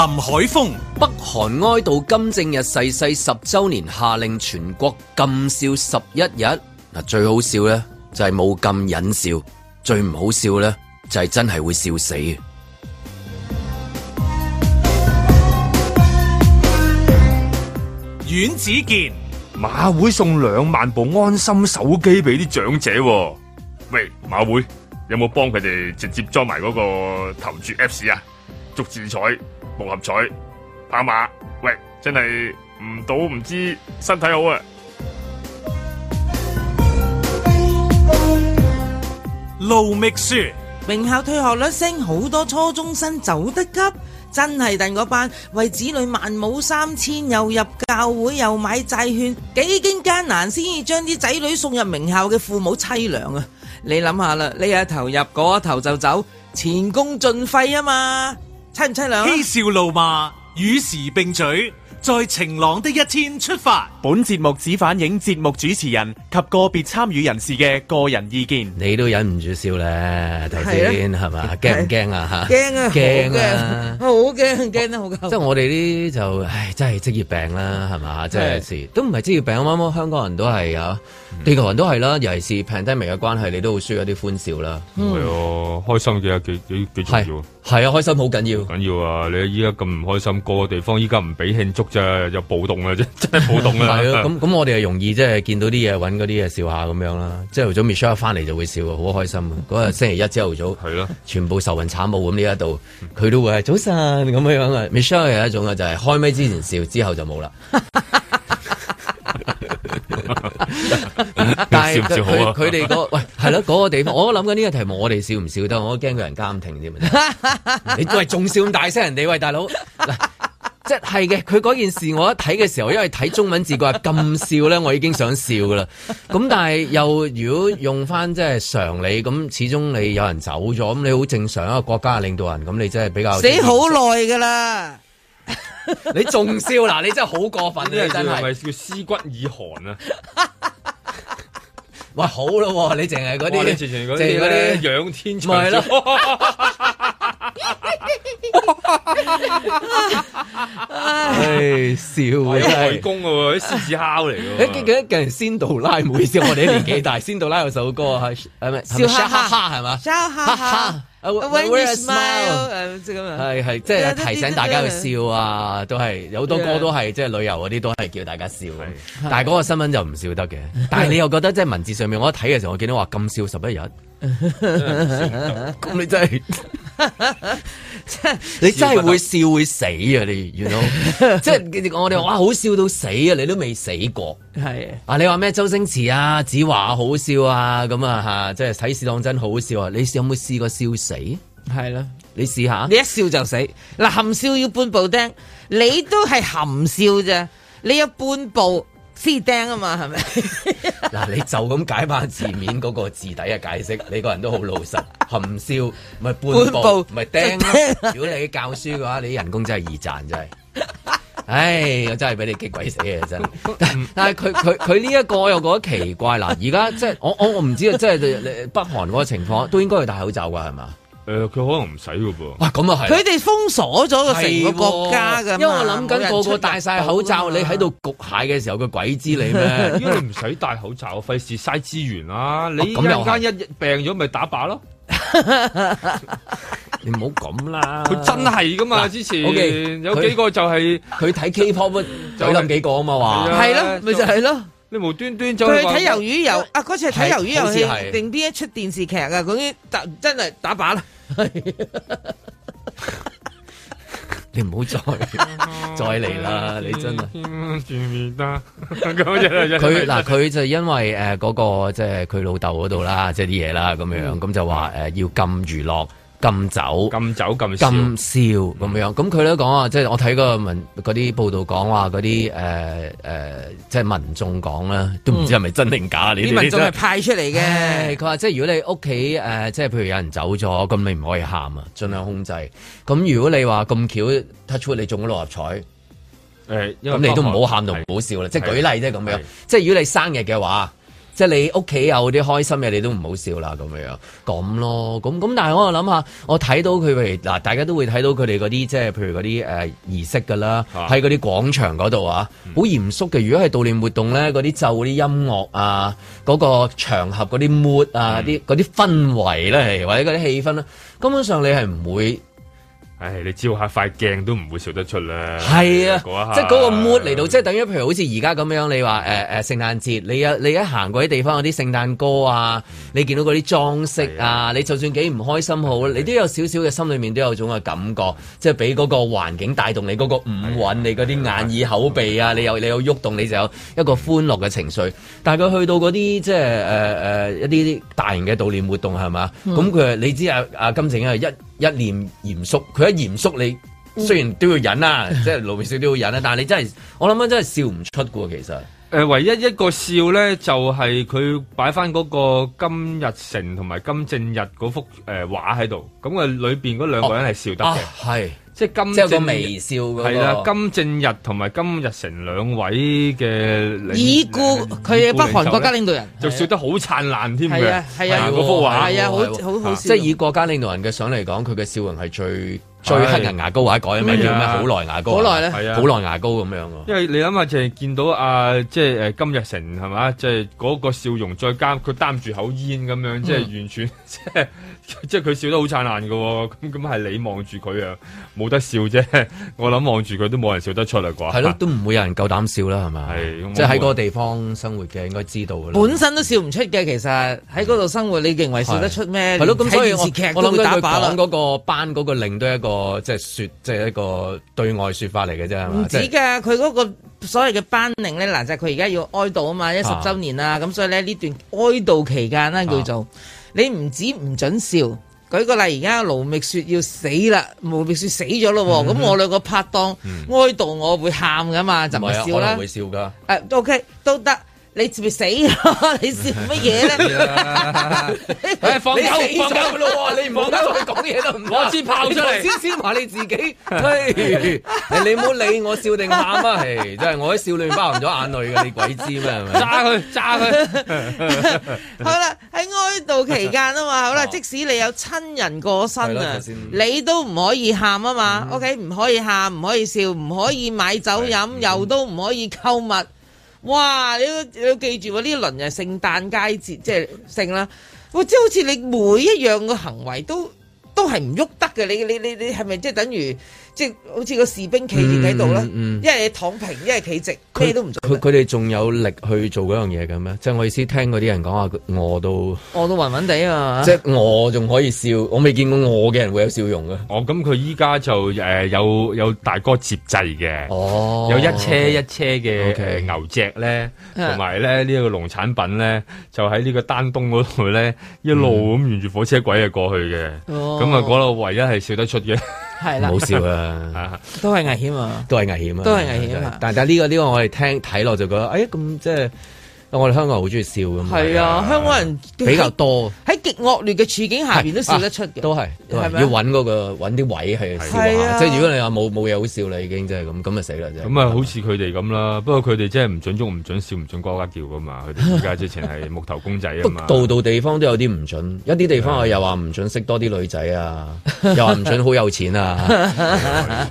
林海峰，北韓哀悼金正日逝世十周年，下令全國禁笑十一日。嗱，最好笑呢就係冇咁忍笑，最唔好笑呢就係真係會笑死。阮子健，馬會送兩萬部安心手機俾啲長者，喂，馬會有冇幫佢哋直接裝埋嗰個投注 apps 啊？祝志彩。六合彩跑馬喂，真係唔賭唔知身體好啊！盧覓雪，名校退學率升好多，初中生走得急，真係等個班為子女萬冇三千，又入教會又買債券，幾經艱難先至將啲仔女送入名校嘅父母淒涼啊！你諗下啦，呢一頭入，嗰一頭就走，前功盡廢啊嘛！唔嬉、啊、笑怒罵與時並舉，在晴朗的一天出發。本節目只反映節目主持人及個別參與人士嘅個人意見。你都忍唔住笑咧，頭先係嘛？驚唔驚啊？吓！驚啊！驚啊、啊、啊、啊、啊、啊、啊！好驚！驚得、啊、好。 即係我哋呢啲就唉，真係職業病啦，係嘛？即係有時都唔係職業病，啱啱香港人都係啊。地球人都係啦，尤其是 pandemic 嘅關係，你都會輸一啲歡笑啦。係、嗯、哦、嗯，開心嘅幾幾幾重要。係啊，開心好緊要。緊要啊！你依家咁唔開心，個、那個地方依家唔俾慶祝啫，又暴動啦，真真係暴動啦了。係 對啊，咁 咁我哋係容易即係、就是、見到啲嘢揾嗰啲嘢笑下咁樣啦。朝頭早 Michelle 翻嚟就會笑，好開心啊！嗰 日星期一朝頭早，係咯， 全部愁雲慘霧咁呢一度，佢 都會係早晨咁嘅樣啊。Michelle 有一種啊，就係開咪之前笑，之後就冇啦。 但係佢哋喂，係咯，嗰個地方，我諗緊呢個題目，我哋笑唔笑得？我驚有人監聽添。 你喂，仲笑咁大聲人哋喂，大佬， 即係嘅。佢嗰件事我一睇嘅時候，因為睇中文字句咁笑咧，我已經想笑噶啦。咁但係又如果用翻即係常理，咁始終你有人走咗，咁你好正常一個國家嘅領導人，咁你真係比較死好耐噶啦。 你仲笑嗱？你真係好過分啊！真係係咪叫屍骨已寒 啊？喂，好咯，你淨係嗰啲，你之前嗰啲仰天，咪係咯？笑、， 哎，外公噶喎，啲獅子烤嚟噶。誒、啊，佢佢竟然仙杜拉唔好意思，我哋啲年紀大，仙杜拉有首歌係係咪？是是是是笑哈哈係嘛？笑哈哈。是啊，wear a, a, a, a, a smile，係係、uh, 即係提醒大家去笑啊，都係有好多歌都係、yeah. 即係旅遊嗰啲都係叫大家笑，yeah. 但係嗰個新聞就唔笑得嘅。Yeah. 但係你又覺得即係文字上面，我一睇嘅時候，我見到話禁笑十一日。咁 笑不到笑你真係，你真係會笑會死啊你！你原來即係跟住講我哋話哇，好笑到死啊！你都未死過，係啊！你話咩？周星馳啊，子華好笑啊！咁啊吓，即係睇笑當真好笑啊！你有冇試過笑死？係啦，你試下，你一笑就死。嗱，含笑要半步釘，你都係含笑啫，你有半步。 黐釘啊嘛，係咪？嗱， 你就咁解翻字面嗰個字底嘅解釋，你個人都好老實，含笑唔係半步唔係釘，啊釘啊。如果你教書嘅話，你啲人工真係易賺，真係。唉，我真係俾你激鬼死啊！真，但係佢佢佢呢一個我又覺得奇怪啦。而家即係我我我唔知啊，即係北韓嗰個情況都應該要戴口罩㗎，係嘛？誒、呃，佢可能唔使嘅噃，哇、啊，咁啊係，佢哋封鎖咗個成個國家噶、哦，因為我諗緊個個戴晒口罩，口罩啊、你喺度焗蟹嘅時候，佢鬼知你咩？如 果你唔使戴口罩，費事嘥資源、啊啊、啦。你一陣間一病咗，咪打靶咯。你唔好咁啦，佢真係噶嘛？之前，OK，有幾個就係、是、佢睇 K-pop，佢、就、諗、是、幾個啊嘛？話係咯，咪、啊、就係咯。你無端端就去睇魷魚遊啊！嗰次係睇魷魚遊戲定邊一齣電視劇啊？嗰啲真係打靶啦！ 你唔好再再嚟啦！ 你真係、呃那個就是，嗯，全面打咁一嚟。佢嗱，佢就因為誒嗰個即係佢老豆嗰度啦，即係啲嘢啦，咁樣咁就話誒要禁娛樂。禁酒、禁酒禁、禁笑咁、嗯、樣，咁佢都講啊、就是呃呃，即係我睇嗰個文嗰啲報道講話嗰啲誒誒，即係民眾講啦，都唔知係咪真定假。呢啲民眾係派出嚟嘅。佢話即係如果你屋企誒，即、呃、係譬如有人走咗，咁你唔可以喊啊，盡量控制。咁如果你話咁巧 touch wood 你中咗六合彩，誒，咁你都唔好喊就唔好笑啦、就是。即係舉例啫咁樣。即係如果你生日嘅話。即係你屋企有啲開心嘅，你都唔好笑啦，咁樣咁咯，咁咁。但係我又諗下，我睇到佢譬如嗱，大家都會睇到佢哋嗰啲即係譬如嗰啲誒儀式㗎啦，喺嗰啲廣場嗰度啊，好、嗯、嚴肅嘅。如果係悼念活動咧，嗰啲奏嗰啲音樂啊，嗰、嗰個場合嗰啲 mood 啊，啲嗰啲氛圍咧、啊，或者嗰啲氣氛咧，根本上你係唔會。唉，你照下塊鏡都唔會笑得出啦。係啊，即嗰個 mood 嚟、啊、到，即係等於譬如好似而家咁樣，你話誒誒聖誕節，你有你一行過啲地方嗰啲聖誕歌啊，嗯、你見到嗰啲裝飾啊，啊，你就算幾唔開心好、啊，你都有少少嘅心裏面都、啊、有種嘅感覺，啊、即係俾嗰個環境帶動你嗰、嗰個五韻、啊，你嗰啲眼耳口鼻啊，啊你有你有喐動，動，你就有一個歡樂嘅情緒。但佢去到嗰啲即係誒、呃、一啲大型嘅悼念活動係嘛？咁佢、嗯、你知啊啊金正啊一。一臉嚴肅，佢一嚴肅你，雖然都要忍啊，即係露面笑都要忍啊，但係你真係，我諗真係笑唔出噶，其實、呃。誒，唯一一個笑咧，就係、是、佢擺翻嗰個金日成同埋金正日嗰幅誒、呃、畫喺度，咁啊裏邊嗰兩個人係笑得嘅、哦。係。啊即係金正，係啦、嗰個，金正日同埋金日成兩位嘅已故佢北韓國家領導人，就笑得好燦爛添嘅，係啊，嗰、啊啊、幅畫係啊，啊，啊，啊，啊，啊，好好、啊啊啊啊、好笑，即係以國家領導人嘅相嚟講，佢嘅笑容係最。最黑人牙膏或者改咩？叫咩好耐牙膏，好耐咧，好耐、啊、牙膏咁樣。因為你諗下，淨係、是、見到阿即係誒金日成係嘛，即係嗰個笑容，再加佢擔住口煙咁樣，即、嗯、係、就是、完全即係即係佢笑得好燦爛噶。咁咁係你望住佢啊，冇得笑啫。我諗望住佢都冇人笑得出嚟啩。係咯、啊，都唔會有人夠膽笑啦，係咪？係即係喺嗰個地方生活嘅，應該知道。本身都笑唔出嘅，其實喺嗰度生活，你認為笑得出咩？係咯、啊，咁、啊、所以我打我諗個班那個令都係一個。個即係說，即係一個對外說法嚟嘅啫。唔止噶，佢、就、嗰、是、個所謂嘅頒令咧，嗱就係佢而家要哀悼啊嘛，一十周年啦。咁、啊、所以咧呢這段哀悼期間咧，叫做、啊、你唔止唔准笑。舉個例，而家盧覓雪要死啦，盧覓雪死咗咯。咁、嗯、我兩個拍檔、嗯、哀悼，我會喊噶嘛，就唔會笑啦。唔會笑噶。誒、uh,，OK，都得。你，死你笑死咯，yeah, 你笑乜嘢咧？放狗放狗咯喎！你唔好再我講嘢都唔可以炮出嚟。先先話你自己， 你唔好理我笑定喊啊！係 真係我喺笑裡面包含咗眼淚嘅，你鬼知咩？係咪？揸佢揸佢！ 炸炸 好啦，喺哀悼期間啊嘛，好啦，哦、即使你有親人過身啊，你都唔可以喊啊嘛。嗯、OK，唔可以喊，唔可以笑，唔可以買酒飲，又，、嗯、又都唔可以購物。哇！你你要記住喎，呢輪，就聖誕佳節，即係聖啦，哇！即係好似你每一樣嘅行為都都係唔喐得嘅，你你你你係咪即係等於即係好似個士兵企直喺度啦，一、嗯、係、嗯嗯、躺平，一係企直，佢哋都唔佢哋仲有力去做嗰樣嘢咁咩？即、就、係、是、我意思，聽嗰啲人講話，我都我都暈暈地啊！即係我仲可以笑，我未見過我嘅人會有笑容嘅。哦，咁佢依家就誒、呃、有有大哥接濟嘅、哦，有一車、okay. 一車嘅、okay. 呃、牛隻咧，同埋咧呢、這個農產品咧，就喺呢個丹東嗰度咧，一路咁沿住火車軌啊過去嘅，咁啊嗰度唯一係笑得出嘅。係啦，唔好笑啊， 都係危險啊，都係危險啊，都係危險啊，危險啊但、但係、呢個、呢個呢、呢個我哋聽睇落就覺得，哎咁即係。我哋香港人好中意笑㗎嘛，係啊，啊，香港人比較多喺極惡劣嘅處境下面都笑得出嘅、啊啊。都係，要搵嗰、嗰個搵啲位去笑下、啊、即係如果你話冇冇嘢好笑啦，你已經即係咁咁就死啦！咁啊，好似佢哋咁啦。不過佢哋真係唔準中、唔準笑、唔準呱呱叫噶嘛。佢哋而家直情係木頭公仔啊嘛。度 度地方都有啲唔準，一啲地方又話唔準識多啲女仔啊， 又話唔準好有錢啊，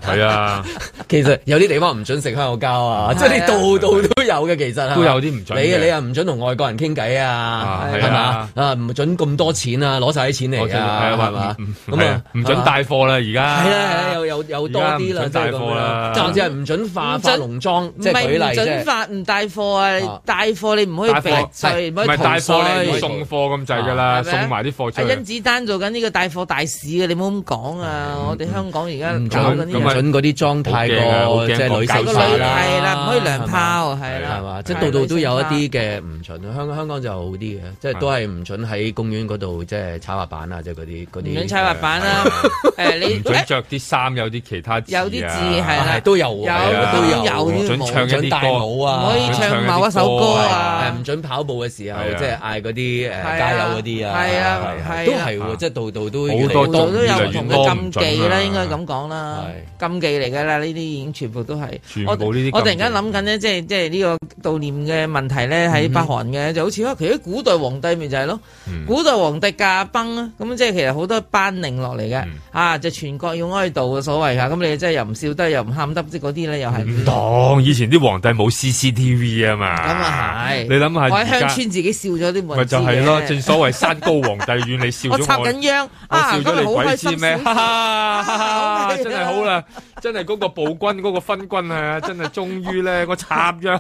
係 啊，啊，啊。其實有啲地方唔準食香口膠啊，即係你度度都有嘅，其實都有啲唔準。唔准同外國人傾偈啊，係嘛啊？唔、啊啊啊、准咁多錢啊，攞晒啲錢嚟啊，係嘛？咁啊，唔、啊啊、准帶貨啦！而家係啊係啊，又又、啊啊、多啲啦、啊，就係咁啦。甚至係唔准化准化濃妝，即係、就是、舉例啫。唔準化唔帶貨啊！啊帶貨你唔可以平唔、啊、可以託袋、啊啊。送貨咁滯㗎啦，送埋啲貨甄、啊、子丹做緊呢個帶貨大使嘅，你唔好咁講啊！嗯、我哋香港而家唔准唔準嗰啲裝太過即係女秀衫啦，係唔可以涼泡，係啦，係嘛？即係度度都有一啲嘅。誒、欸、唔准啊，香港香港就好啲嘅，即係都係唔准喺公園嗰度即係踩滑板啊，即係嗰啲嗰啲。唔准踩滑板啦、啊，誒、啊啊 啊、你唔准着啲衫，有啲其他有啲字係啦、啊，都有，啊、有都有，唔、哦、准唱准大舞啊，唔可以唱某一首歌啊，唔、啊啊啊、准跑步嘅時候，啊、即係嗌嗰啲誒加油嗰啲啊，係啊，啊，啊，啊，啊，啊，啊，都係喎，即係度度都度度都有唔同嘅禁忌啦，應該咁講啦，禁忌嚟噶啦，呢啲已經全部都係我我突然間諗緊咧，即係即係呢個悼念嘅問題咧。喺北韓嘅、嗯，就好似咯，其實古代皇帝咪就係咯、嗯，古代皇帝駕崩、嗯、啊，咁即係其實好多班寧落嚟嘅，啊就是、全國要哀悼嘅所謂啊，咁你真係又唔笑得，又得，又唔喊得，即嗰啲咧又係唔同。以前啲皇帝冇 CCTV 啊嘛，咁啊係。你諗下在，喺鄉村自己笑咗啲咪就係、是、咯，正所謂山高皇帝 遠，你笑咗插緊秧笑咗你鬼知咩？ 真係好啦， 真係嗰個暴君嗰 個昏君啊，真係終於咧，我插秧，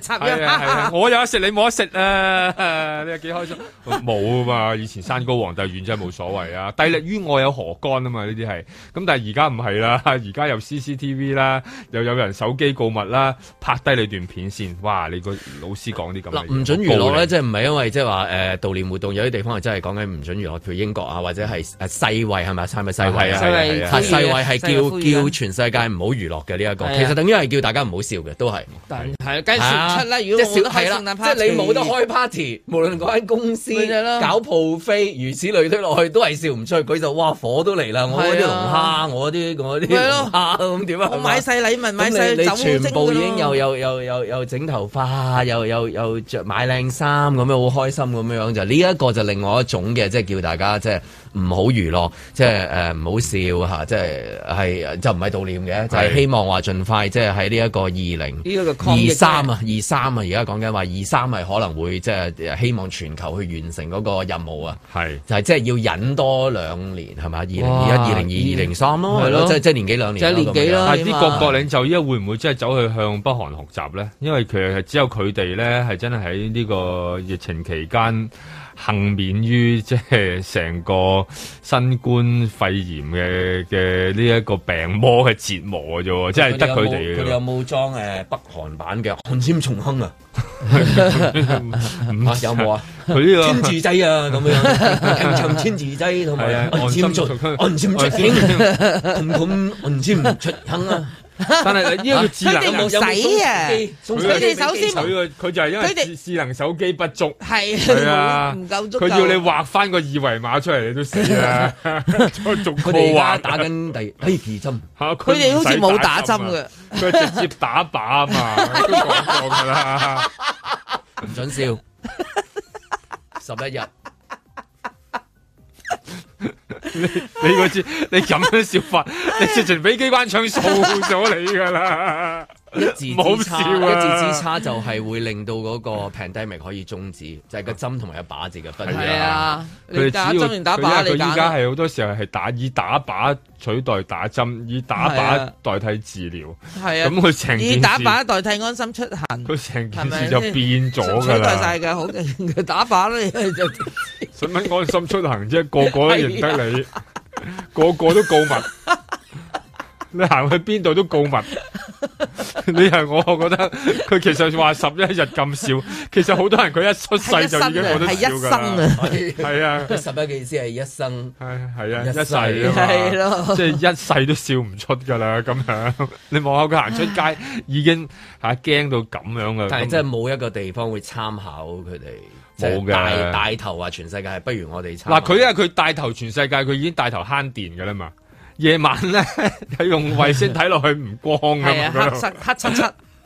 插 秧 着羊。 我有得食你冇得食啊！你又幾開心、啊？冇啊嘛、啊啊，以前山高皇帝遠真係冇所謂啊，帝力於我有何干啊嘛？呢啲係咁，但係而家唔係啦，而家又 CCTV 啦，又有人手機告密啦，拍低你段片先。哇！你個老師講啲咁，唔準娛樂咧，即係唔係因為即係話誒悼念活動，有啲地方係真係講緊唔準娛樂，譬如英國啊，或者係世衛係咪係咪世衛、啊？係世衛係、啊啊啊、叫、啊、叫全世界唔好娛樂嘅呢一個、啊，其實等於係叫大家唔好笑嘅，都係係係跟住出啦，如果少係啦，即係你冇得開 party， 無論嗰間公司、就是、搞鋪飛， 如此類推落去都係笑唔出去。佢就哇火都嚟啦！我啲龍蝦，我啲我啲龍蝦咁點啊？我，我，啊我，我，啊我買晒禮物，買晒酒，你全部已經又又又又又整頭髮，又又又着買靚衫，咁樣好開心咁樣樣就呢一個就另外一種嘅，即係叫大家即係。就是唔好娛樂，即係誒唔好笑嚇、啊，即係係就唔係悼念嘅，就係、是、希望話盡快2023，即係喺呢一個二零二三啊，二三啊，而家講緊話二三係可能會即係希望全球去完成嗰個任務啊，係就係即係要忍多兩年係咪？二零二一、二零二二、零三咯，係咯，即係即係年幾兩年？即、就、係、是、年幾啦、啊？啲、那個、國國領袖依家會唔會即係走去向北韓學習咧？因為其實只有佢哋咧係真係喺呢個疫情期間。幸免於即係成個新冠肺炎嘅嘅呢一個病魔嘅折磨有有有有的啊！啫，即係得佢哋。佢哋有冇裝誒北韓版嘅暗閃重亨啊？有冇啊？佢呢個天字劑啊咁樣，暗閃天字劑同埋暗閃出暗閃出咁暗唔出亨啊！ 但係呢個智能都冇使啊！佢哋、啊、首先佢就係因為智能手機不足，係啊，唔夠佢要你畫翻個二維碼出嚟，你都死啊！佢哋而家打緊第二期針，佢哋好似冇打針嘅，佢直， 直接打靶啊嘛， 都講過噶啦，唔准笑，十一日。 你你個字，你咁，那，樣，個，， 笑法， 你直情俾機關槍掃咗你噶啦。一字之差事、啊，一字之差就係會令到嗰個 pandemic 可以終止，就係、是、個針同埋一靶子嘅分。係啊，你打針連打靶，佢而家係好多時候係打以打靶取代打針，以打靶代替治療。係啊，咁佢成以打靶代替安心出行。佢成、啊、件事就變咗噶代晒嘅好打靶，咯，你就使乜安心出行啫，個個都認得你，啊、個個都告密。 你行去邊度都告密。 你係我，我覺得佢其實話十一日咁少，其實好多人佢一出世就已經冇得笑噶啦。係啊，啊 是啊、 十一嘅意思係一生一。 係啊，一世咯，即係是的 一世都笑唔出噶啦，咁樣。 你望下佢行出街，已經吓驚到咁樣嘅。但係真係冇一個地方會參考佢哋。冇嘅有，帶頭話全世界係不如我哋。嗱，佢因為佢帶頭全世界，佢已經帶頭慳電噶啦嘛。夜晚咧，用衛星睇落去唔光㗎嘛，黑漆漆。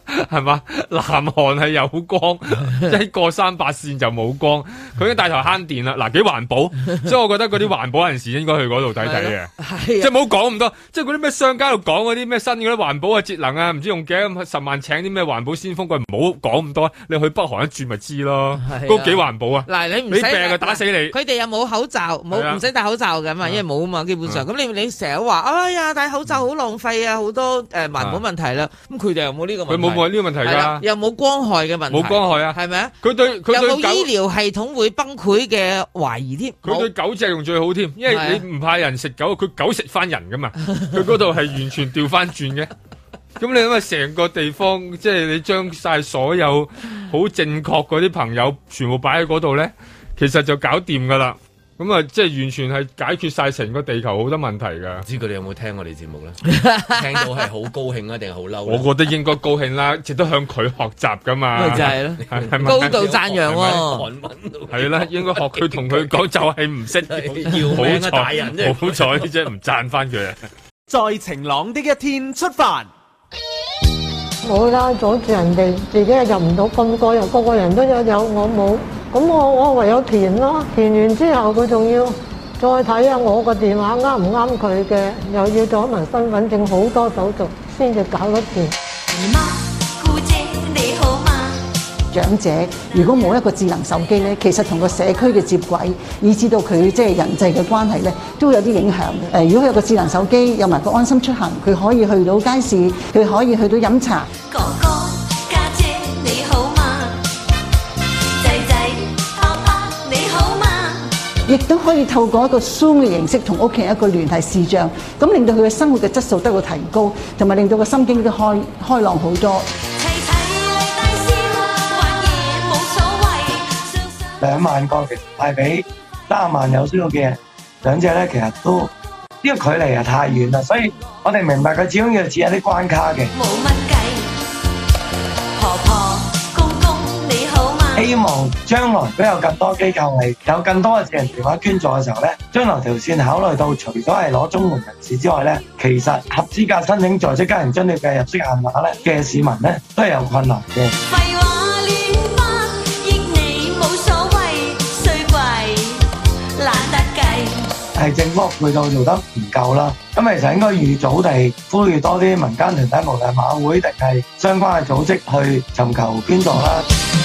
係 嘛？南韓係有光， 一過三八線就冇光。佢已經帶頭慳電 啦。嗱，幾環保， 所以我覺得嗰啲環保人士應該去嗰度睇睇嘅。即係唔好講咁多，即係嗰啲咩商家喺度講嗰啲咩新嗰啲環保啊、節能啊，唔知用幾十萬請啲咩環保先鋒，佢唔好講咁多。你去北韓一轉咪知咯，都、 啊那個、幾環保啊。嗱，你唔你病就打死你。佢哋又冇口罩，冇唔使戴口罩噶嘛，因為冇啊嘛，基本上。咁、啊嗯、你你成日話哎呀戴口罩好浪費啊，好多誒環、呃、保問題啦。咁佢哋又冇呢個問題？冇呢個問題噶，又冇光害嘅問題，冇光害啊，係咪啊？佢對佢對有冇醫療系統會崩潰嘅懷疑添，佢對狗隻用最好添，因為你唔怕人食狗，佢狗食翻人噶嘛，佢嗰度係完全掉翻轉嘅。咁你諗下成個地方，即係你將晒所有好正確嗰啲朋友全部擺喺嗰度咧，其實就搞掂噶啦。咁啊，即係完全係解決晒成個地球好多問題噶。唔知佢哋有冇聽我哋節目咧？聽到係好高興啊，定係好嬲？我覺得應該高興啦，值得向佢學習噶嘛。咪就係咯，係咪？高度讚揚。係啦，文 應該學佢同佢講， 就係唔識要。 還好彩，好彩即係唔讚翻佢。在晴朗的一天出發。冇啦，阻住人哋，自己又入唔到多，咁個又個個人都有有，我冇。咁我我唯有填咯，填完之後佢仲要再睇下我個電話啱唔啱佢嘅，又要攞埋身份證好多手續先至搞得掂。姨媽、姑姐你好嗎？長者如果冇一個智能手機咧，其實同個社區嘅接軌，以至到佢即係人際嘅關係咧，都有啲影響嘅。誒，如果佢有個智能手機，有埋個安心出行，佢可以去到街市，佢可以去到飲茶。亦都可以透過一個 zoom 嘅形式同屋企人一個聯繫視像，咁令到佢嘅生活嘅質素得到提高，同埋令到個心境都開開朗好多。兩萬個嘅係俾三萬有需要嘅人，兩者咧其實都呢個距離啊太遠啦，所以我哋明白佢始終要設一啲關卡嘅。希望將來都有更多機構係有更多嘅智能電話捐助嘅時候咧，將來條線考慮到除咗係攞綜援人士之外咧，其實合資格申請在職家庭津貼嘅入息限額咧嘅市民咧都係有困難嘅。我亦你冇所謂懶得計，係政府配套做得唔夠啦，咁其實應該預早地呼籲多啲民間團體無論，係馬會定係相關嘅組織去尋求捐助啦。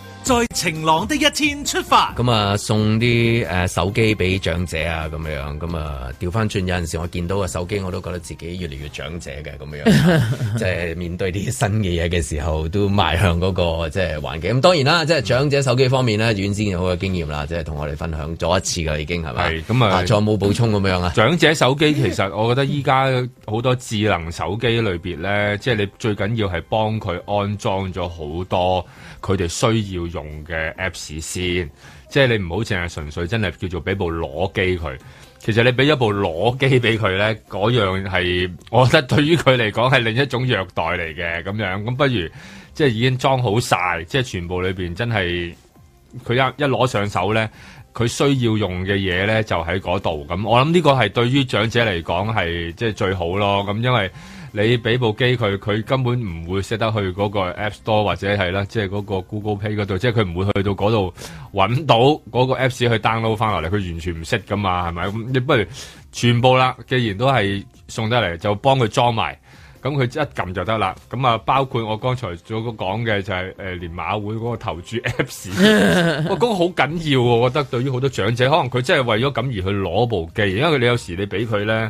在晴朗的一天出發。咁啊，送啲誒、呃、手機俾長者啊，咁樣咁啊，調翻轉。有陣時我見到個手機，我都覺得自己越嚟越長者嘅咁樣。即 係面對啲新嘅嘢嘅時候，都邁向嗰、那個即係環境。咁當然啦，即、就、係、是、長者手機方面咧，遠先有好嘅經驗啦，即係同我哋分享咗一次啦，已經係咪係咁啊，仲有冇補充咁樣啊？長者手機其實，我覺得依家好多智能手機裏邊咧，即 係你最緊要係幫佢安裝咗好多佢哋需要。用嘅 apps 先，即係你唔好淨係純粹真係叫做俾部裸機佢。其實你俾一部裸機俾佢呢，嗰樣係我覺得對於佢嚟講係另一種虐待嚟嘅咁樣。咁不如即係已經裝好晒，即係全部裏邊真係佢一一攞上手呢，佢需要用嘅嘢呢就喺嗰度。咁我諗呢個係對於長者嚟講係即係最好咯。咁因為。你俾部機佢，佢根本唔會識得去嗰個 App Store 或者係啦，即係嗰個 Google Play 嗰度，即係佢唔會去到嗰度揾到嗰個 Apps 去 download 翻落嚟，佢完全唔識噶嘛，係咪？咁你不如全部啦，既然都係送得嚟，就幫佢裝埋，咁佢一撳就得啦。咁啊，包括我剛才所講嘅就係誒連馬會嗰個投注 Apps，哇，嗰個好緊要喎！我覺得對於好多長者，可能佢真係為咗咁而去攞部機，因為你有時你俾佢咧。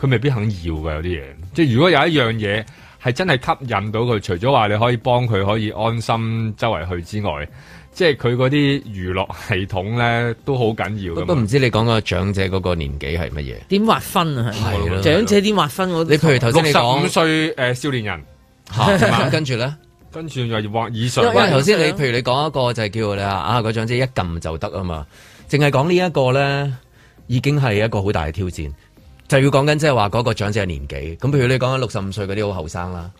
佢未必肯要㗎。有啲嘢。即係如果有一樣嘢係真係吸引到佢，除咗話你可以幫佢可以安心周圍去之外，即係佢嗰啲娛樂系統咧都好緊要㗎。我都唔知你講個長者嗰個年紀係乜嘢？點劃分啊？係長者點劃分嗰個？你譬如頭先你講六十五歲誒少年人 跟住咧，跟住又或以上。 因為頭先你 譬如你講一個就係叫你啊啊個長者一撳就得啊嘛，淨係講呢一個咧，已經係一個好大嘅挑戰。就要講緊即係話嗰個長者嘅年紀，咁譬如你講緊六十五歲嗰啲好後生啦，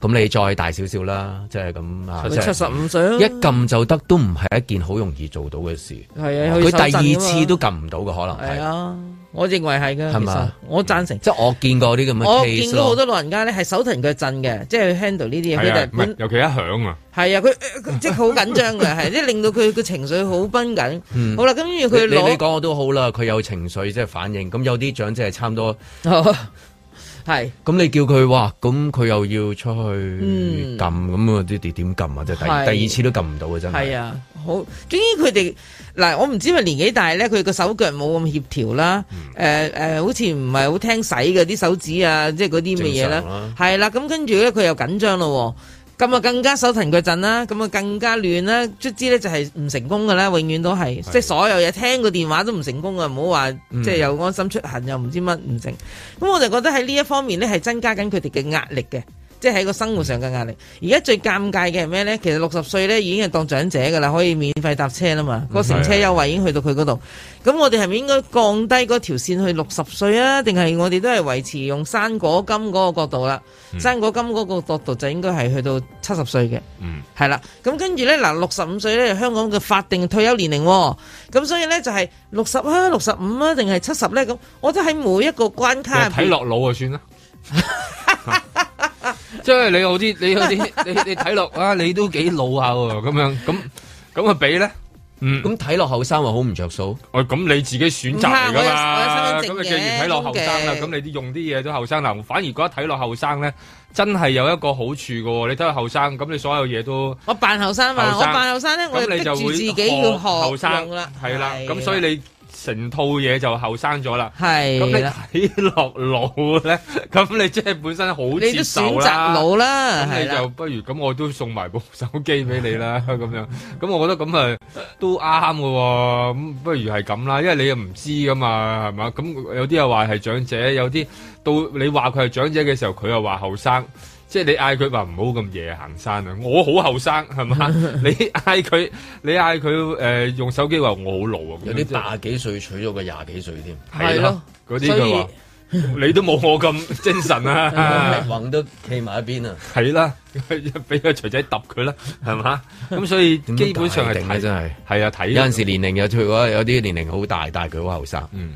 咁你再大少少啦，即係咁啊，七十五歲，就是，一撳就得都唔係一件好容易做到嘅事，係啊，佢第二次都撳唔到嘅可能係啊。我認為係噶係嘛，我贊成。嗯、即係我見過啲咁嘅，我見過好多老人家咧係手騰腳震嘅，即係去 handle 呢啲嘢，佢就尤其一響啊，係啊，佢、呃、即係好緊張嘅，係即係令到佢個情緒好繃緊。好啦，跟住佢你你講我都好啦，佢有情緒即係反應。咁有啲長者係差唔多、哦。係，咁你叫佢哇，咁佢又要出去撳咁啊？佢哋點撳啊？即係第，第二次都撳唔到嘅真係。係啊，好，終於佢哋嗱，我唔知佢年紀大咧，佢個手腳冇咁協調啦。誒、嗯呃、好似唔係好聽使嘅啲手指啊，即係嗰啲咩嘅嘢啦。係啦、啊，咁跟住咧，佢又緊張咯。咁啊，更加手騰腳震啦，咁啊，更加亂啦，卒之咧就係唔成功噶啦，永遠都係，即係所有嘢聽個電話都唔成功啊，唔好話即係又安心出行、嗯、又唔知乜唔成，咁我就覺得喺呢一方面咧係增加緊佢哋嘅壓力嘅。即係喺個生活上嘅壓力，而、嗯、家最尷尬嘅係咩呢？其實六十歲呢已經係當長者噶啦，可以免費搭車啦嘛，嗯、個乘車優惠已經去到佢嗰度。咁我哋係咪應該降低嗰條線去六十歲啊？定係我哋都係維持用生果金嗰個角度啦、啊？生、嗯、果金嗰個角度就應該係去到七十歲嘅。嗯，係啦。咁跟住呢，嗱，六十五歲呢香港嘅法定退休年齡、啊。咁所以呢，就係六十啊，六十五啊，定係七十呢？咁我都係每一個關卡睇落腦啊，算啦。 即係你好啲，你好啲，你你睇落啊，你都幾老下喎，咁樣咁咁啊，去比咧，嗯，咁睇落後生話好唔着數，我咁你自己選擇嚟噶嘛，咁啊既然睇落後生啦，咁你啲用啲嘢都後生啦，反而覺得睇落後生咧，真係有一個好處噶喎，你睇下後生，咁你所有嘢都我扮後生嘛，我扮後生咧，我逼住自己要學，後生係啦，咁所以你。成套嘢就後生咗啦，咁你睇落老咧，咁你即係本身好少選擇老啦。咁你就不如咁，我都送埋部手機俾你啦。咁樣，咁我覺得咁啊都啱嘅。咁不如係咁啦，因為你又唔知噶嘛，係嘛？咁有啲又話係長者，有啲到你話佢係長者嘅時候，佢又話後生。即係你嗌佢話唔好咁夜行山啊！我好後生係嘛？你嗌佢，你嗌佢誒，用手機話我好老，就是，啊！有啲八幾歲娶咗個廿幾歲添，係咯，所以 你都冇我咁精神啊！橫 都企埋一邊啊！係啦，啊，俾個錘仔揼佢啦，係嘛？咁所以基本上係真係，係啊睇。有陣時年齡有除咗有啲年齡好大，但係佢好後生，嗯。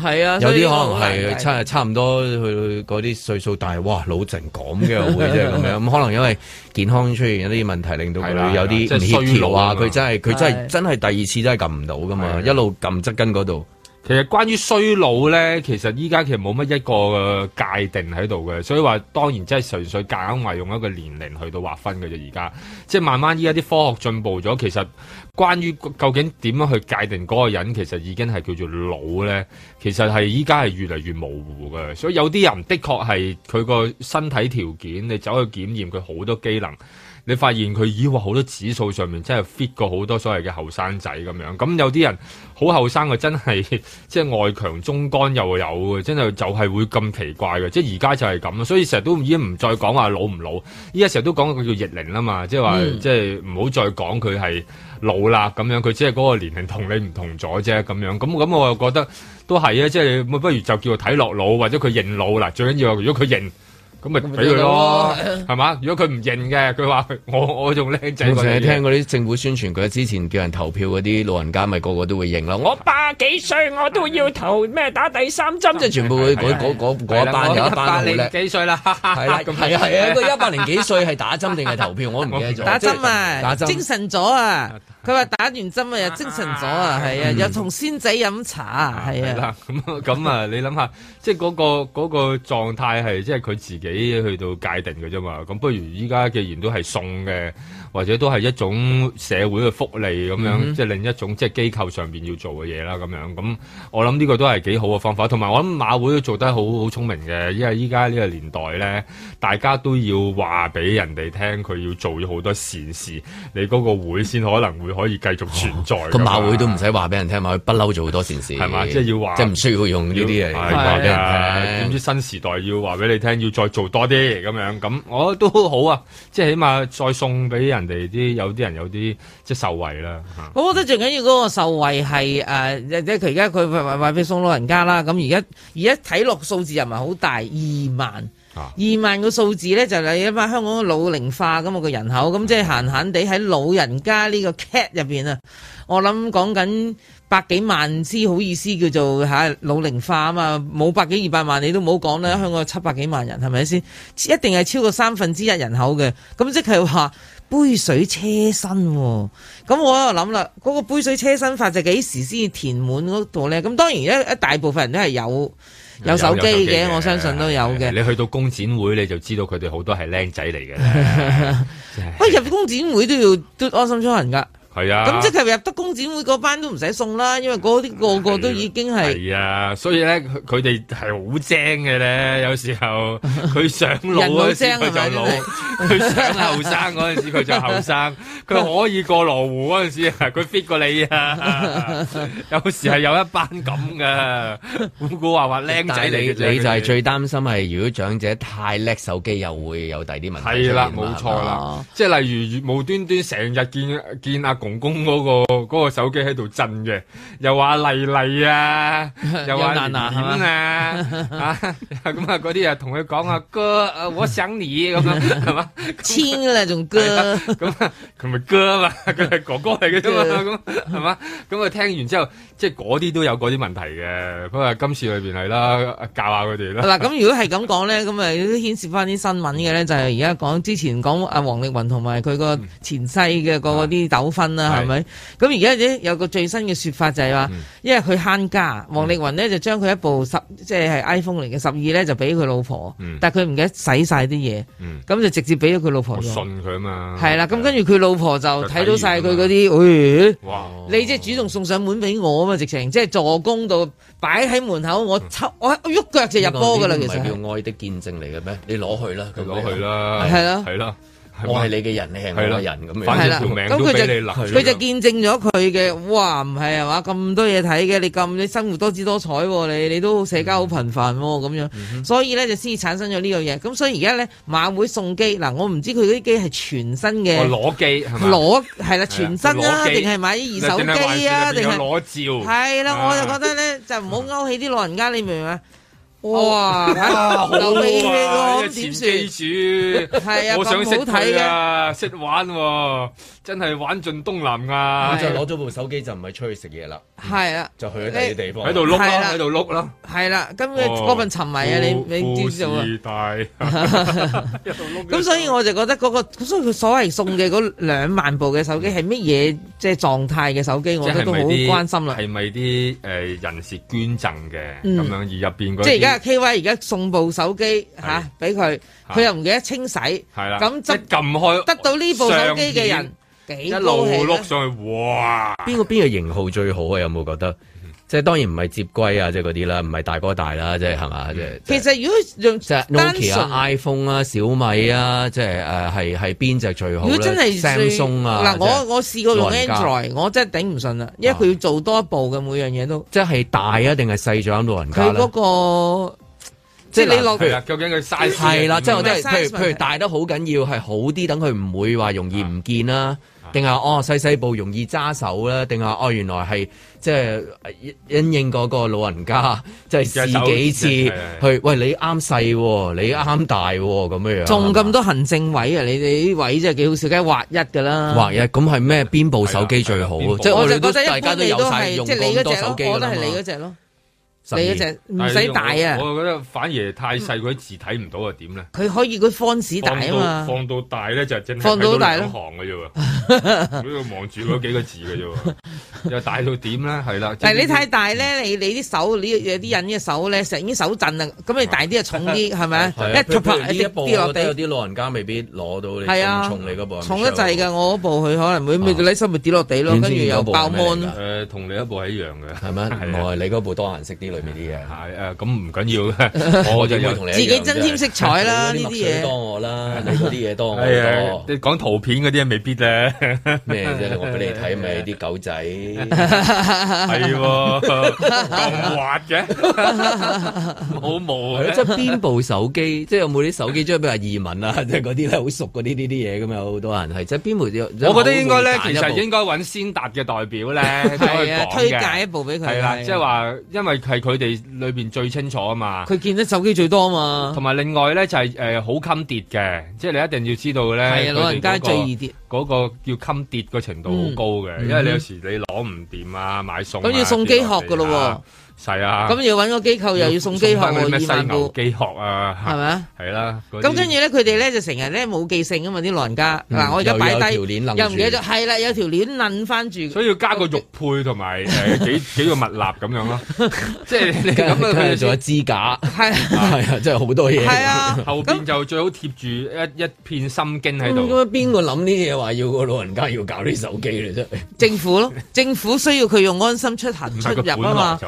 係啊，有啲可能係差差唔多，佢嗰啲歲數大，哇老成咁嘅會啫咁樣。咁 可能因為健康出現一啲問題，令到佢有啲唔協調啊。佢、啊就是、真係佢真係真係、啊、第二次真係撳唔到噶嘛，啊、一路撳側筋嗰度。其實關於衰老呢，其實依家其實冇乜一個界定喺度嘅，所以話當然真係純粹夾硬話用一個年齡去到劃分嘅啫。而家即係慢慢依家啲科學進步咗，其實關於究竟點樣去界定嗰個人其實已經係叫做老呢。其實係依家係越嚟越模糊嘅。所以有啲人的確係佢個身體條件，你走去檢驗佢好多機能。你發現佢以好多指數上面真係 fit 過好多所謂嘅後生仔咁樣，咁有啲人好後生嘅，真係即係外強中乾，又有真係就係會咁奇怪嘅，即係而家就係咁，所以成日都已經唔再講話老唔老，依家成日都講佢叫逆齡啦嘛，即係話、嗯、即係唔好再講佢係老啦咁樣，佢即係嗰個年齡同你唔同咗啫咁樣。咁咁我又覺得都係啊，即係不如就叫睇落老或者佢認老啦，最緊要如果佢認。咁咪俾佢咯，係、嗯、嘛？如果佢唔認嘅，佢話我我仲靚仔。我成日聽嗰啲政府宣傳，佢之前叫人投票嗰啲老人家，咪個個都會認啦。我八幾歲，我都要投咩，打第三針。即、嗯、係、就是、全部會嗰嗰嗰嗰班一百零幾歲啦。係啊係啊，佢一百零幾歲係打針定係投票，我唔記得咗。打針啊，打針，精神咗啊！佢話打完針啊，又精神咗啊，係、嗯、啊，又同仙仔飲茶，係、嗯、啊。咁咁啊，你諗下， 即係嗰個嗰個狀態係，即係佢自己去到界定嘅啫嘛。咁不如依家既然都係送嘅。或者都係一種社會嘅福利咁樣，嗯、即係另一種即係機構上邊，要做嘅嘢啦咁樣，咁我諗呢個都係幾好嘅方法。同埋我諗馬會都做得好好聰明嘅，因為依家呢個年代咧，大家都要話俾人哋聽，佢要做咗好多善事，你嗰個會先可能會可以繼續存在。個、哦、馬會都唔使話俾人聽，馬不嬲做好多善事，係嘛？即係要話，即係唔需要用呢啲嘢話俾人聽。點知、啊、新時代要話俾你聽，要再做多啲嘢咁樣，咁我都好啊，即係起碼再送俾人。人哋啲有啲人有啲即係受惠啦。咁我覺得最緊要嗰個受惠係誒，即係佢而家佢話話俾送老人家啦。咁而家而家睇落數字又唔係好大，二萬、啊、二萬個數字咧就係一班香港嘅老齡化咁嘅人口。咁即係閒閒地喺老人家呢個 cat 入邊啊。我諗，講緊百幾萬支，好意思叫做吓老齡化啊嘛。冇百幾二百萬你都唔好講啦。香港有七百幾萬人係咪先？一定係超過三分之一人口嘅。咁即係話。杯水車薪喎、哦，咁我又諗啦，嗰、嗰個杯水車薪法就幾時先填滿嗰度咧？咁當然一一大部分人都係有有，有手機嘅，我相信都有嘅、啊。你去到工展會你就知道佢哋好多係靚仔嚟嘅，喂、 啊、入工展會都要都安心出行㗎。係啊，咁即係入得工展會嗰班都唔使送啦，因為嗰啲個個都已經係。係啊，所以咧佢哋係好精嘅咧，有時候佢上老嗰陣時佢就老，佢上後生嗰陣時佢就後生，佢可以過羅湖嗰陣時，佢 fit 過你啊！有時係有一班咁嘅，古古話話僆仔嚟嘅啫。但係你就係最擔心係，如果長者太叻手機又會有第二啲問題。係啦、啊，冇錯啦，即係、啊、例如無端端成日見見阿。公公、嗰個、嗰個手機喺度震嘅，又話麗麗啊，又話楠楠啊，啊咁 啊嗰啲啊同佢講啊哥，啊，我想你咁 這樣係、 啊、 嘛，簽親啦，仲哥，咁啊，佢咪哥啊嘛，佢係哥哥嚟嘅啫嘛，咁係嘛，咁啊聽完之後，即係嗰啲都有嗰啲問題嘅，不過今次裏邊係啦，教下佢哋啦。嗱，咁如果係咁講咧，咁啊都牽涉翻啲新聞嘅咧，就係而家講之前講阿王力宏同埋佢個前世嘅嗰啲糾紛。啊係咪？咁而家有個最新嘅說法就係話，因為佢慳家，王力宏呢就將佢一部十，即係 iPhone 嚟嘅十二咧，就俾佢老婆。嗯、但係佢唔記得洗晒啲嘢，咁、嗯、就直接俾咗佢老婆。我信佢啊嘛，係啦。咁跟住佢老婆就睇到晒佢嗰啲，你即係主動送上門俾我啊嘛，直情即係助攻度擺喺門口，我抽、嗯、我我喐腳就入波噶啦。其實叫愛的見證嚟嘅咩？你攞去啦，攞去啦，係啦，係啦。是我係你嘅人，你係我嘅人咁樣，反正條名都俾你立。佢就見證咗佢嘅，哇！唔係啊嘛，咁多嘢睇嘅，你咁你生活多姿多彩喎、啊，你你都社交好頻繁喎、啊，咁、嗯、樣、嗯。所以咧就先產生咗呢樣嘢。咁所以而家咧，晚會送機嗱，我唔知佢啲機係全新嘅，攞、哦、機係攞係啦全新啊，定係買二手機啊，定係攞照。係啦、啊，我就覺得咧就唔好勾起啲老人家，你明唔明啊？嗯哇！好老啊，前機主，係啊，咁好睇嘅，識玩喎，真係玩盡東南亞。就攞咗部手機就唔係出去食嘢啦，係啊，就去咗啲地方，喺度碌啦，喺度碌啦，係啦。咁嗰份沉迷啊，你你知唔知啊？故事大，一路碌。咁所以我就覺得嗰個，所以佢所謂送嘅嗰兩萬部嘅手機係乜嘢即係狀態嘅手機，我覺得都好關心啦。係咪啲誒人士捐贈嘅咁樣？而入邊嗰即係而家。K Y 而家送部手機吓俾佢，佢的又唔記得清洗，係啦的，咁即撳開得到呢部手機嘅人幾演多、啊？一路碌上去，哇！邊個邊個型號最好啊？有冇覺得？即係當然唔係接龜啊，即係嗰啲啦，唔係大哥大啦，即係係嘛，即係。其實如果用即係 Nokia、Noki, iPhone 啊、小米啊，即係係係邊隻最好咧？Samsung 啊，嗱、即係、我我試過用 Android，我真係頂唔順啦，因為佢要做多一步嘅、啊、每樣嘢都。即係大啊，定係細咗啱老人家佢嗰、嗰個即係你落其實究竟佢細係啦？即係譬如譬如大得好緊要係好啲，等佢唔會話容易唔見啦。嗯定係哦細細部容易揸手咧，定係哦原來係即係因應嗰個老人家，即係自己。次去。喂，你啱細，哦，你啱大咁，哦，樣仲咁多行政位啊！你哋位真係幾好笑，梗係劃一㗎啦。劃一咁係咩邊部手機最好？即係，啊啊，我哋都大家都有曬用咁多手機你隻咯我你嗰隻唔使大啊我！我覺得反而太細，嗰、嗯、啲字睇唔到啊，點咧？佢可以佢 font 大啊嘛！放到大咧就真係放到大咯，到行嘅啫喎，喺度望住嗰幾個字嘅啫喎。 又大到點咧？係啦，但係你太大咧，你你啲手，你有啲人嘅手咧，成已經手震啦。咁你大啲啊，重啲係咪？ 是吧 一突拍一跌跌落地，有啲老人家未必攞到你。係 啊，重你嗰部 重得滯嘅， 我嗰部佢可能每每拎手咪跌落地咯，跟住又爆毛咯。誒，同你一部係一樣嘅，係咪？唔係你嗰部多顏色啲。啲嘢係誒，咁唔緊要嘅，我就會同你自己增添色彩啦。呢啲嘢多我啦，嗰啲嘢多我。係啊，你講圖片嗰啲嘢未必咧。咩啫？我俾你睇咪啲狗仔，係喎咁滑嘅，好毛。即係邊部手機？即係有冇啲手機即係比較移民啊？即係嗰啲咧好熟嗰啲呢啲嘢咁啊？有好多人係即係邊部？我覺得應該咧，其實應該揾先達嘅代表咧，係啊，推介一部俾佢。係啦，即係話，因為係佢。佢哋裏邊最清楚啊嘛，佢見得手機最多啊嘛，同埋另外咧就係誒好襟跌嘅，即係你一定要知道咧，係老的、那個、人家最易跌，嗰個叫襟跌個程度好高嘅，嗯、因為你有時你攞唔掂啊，買餸、啊，咁、嗯、要送機殼噶咯。係啊，咁要搵個機構又要送機殼，二萬部機殼啊，係咪啊？係啦，咁跟住咧，佢哋咧就成日咧冇記性啊嘛，啲老人家，嗯、我而家擺低，又唔記得，係、嗯、啦、啊，有條鏈撚翻住，所以要加個玉佩同埋幾 幾，幾個物立咁樣咯，即係咁啊，仲有支架，係係真係好多嘢，係啊，後邊就最好貼住一一片心經喺度。咁邊個諗呢啲嘢話要個老人家要搞啲手機嚟啫？政府咯，政府需要佢用安心出行出入啊嘛，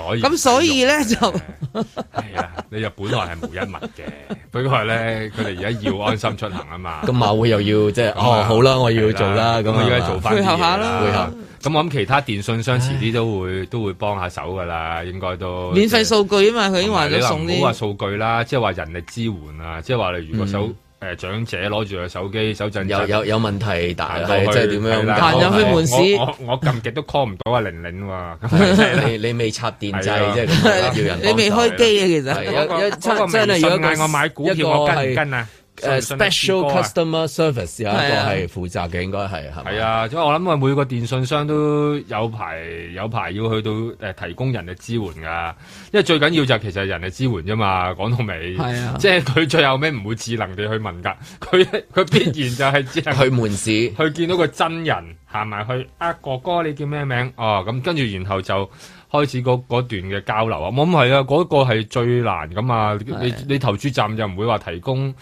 所以咧就，係 啊，你就本來係冇一物嘅，不過咧佢哋而家要安心出行啊嘛，咁馬會又要即係、 即係、哦，好啦，我要做啦，咁我要做翻，配合下啦，配合。咁我諗其他電信商遲啲都會都會幫下手噶啦，應該都免費數據啊嘛，佢已經話你送。唔好話數據啦，即係話人力支援啊，即係話你如果手。嗯誒長者攞住個手機，手震有有有問題，但係即係點樣？彈入去門市，我我撳極都 call 唔到啊！玲玲喎，你你未插電掣，即係要人你未開機啊！其實有有插真係，如果嗌我買股票，我跟唔跟啊！Uh, special customer service 啊，呢個係負責嘅應該係係啊，因為我諗，因為每個電信商都有排有排要去到提供人力支援㗎，因為最緊要就其實係人力支援啫嘛。講到尾，係啊，即係佢最後尾唔會智能地去問㗎，佢佢必然就係只係去 門市去見到個真人行埋去啊，哥哥你叫咩名？哦、啊，咁跟住然後就。開始嗰段嘅交流啊，我諗係啊，嗰、嗯、那個係最難㗎嘛。你你投注站就唔會話提供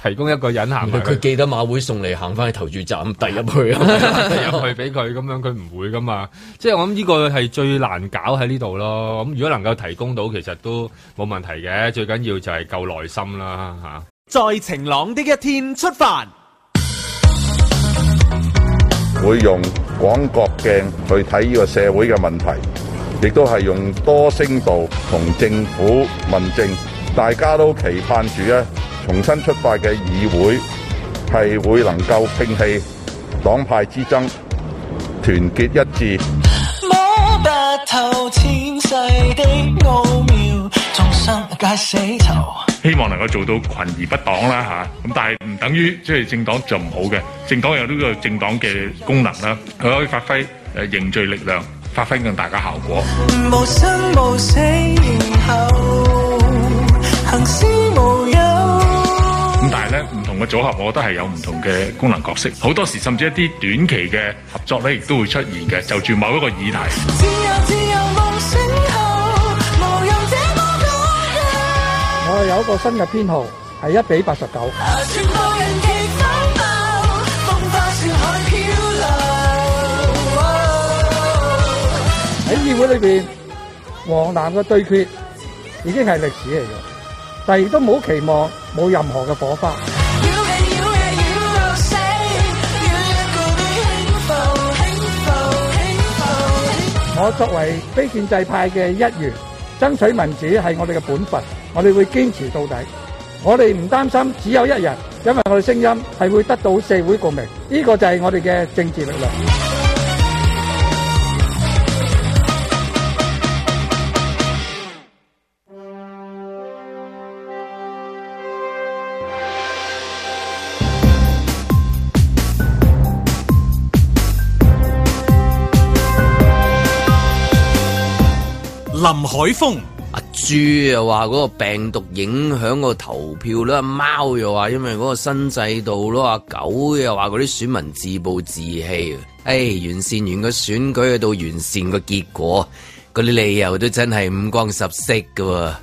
提供一個人行，佢記得馬會送嚟行返去投注站，遞入去入、嗯、去俾佢，咁 樣佢唔會噶嘛。即係我諗呢個係最難搞喺呢度咯。咁、嗯、如果能夠提供到，其實都冇問題嘅。最緊要就係夠耐心啦、啊、在晴朗的一天出發，會用廣角鏡去睇呢個社會嘅問題。亦都係用多聲道同政府、問政，大家都期盼住咧重新出發嘅議會係會能夠摒棄黨派之爭，團結一致。摸不透世的奧妙眾生皆死囚，希望能夠做到群而不黨啦吓，咁但係唔等於即係政黨就唔好嘅，政黨有呢個政黨嘅功能啦，佢可以發揮誒凝聚力量。發揮更大嘅效果是。咁但係咧，唔同嘅組合，我覺得係有唔同嘅功能角色。好多時甚至一啲短期嘅合作咧，亦都會出現嘅。就住某一個議題。我有一個新嘅編號，係一比八十九。議會裏邊黃藍嘅對決已經係歷史嚟嘅，但係亦都冇期望冇任何嘅火花。我作為非建制派嘅一員，爭取民主係我哋嘅本分，我哋會堅持到底。我哋唔擔心只有一人，因為我哋聲音係會得到社會共鳴，呢個就係我哋嘅政治力量。林海峰，阿豬又話嗰個病毒影響個投票啦，阿貓又話因為嗰個新制度咯，阿狗又話嗰啲選民自暴自棄，誒、哎、完善完個選舉去到完善個結果，嗰啲理由都真係五光十色噶。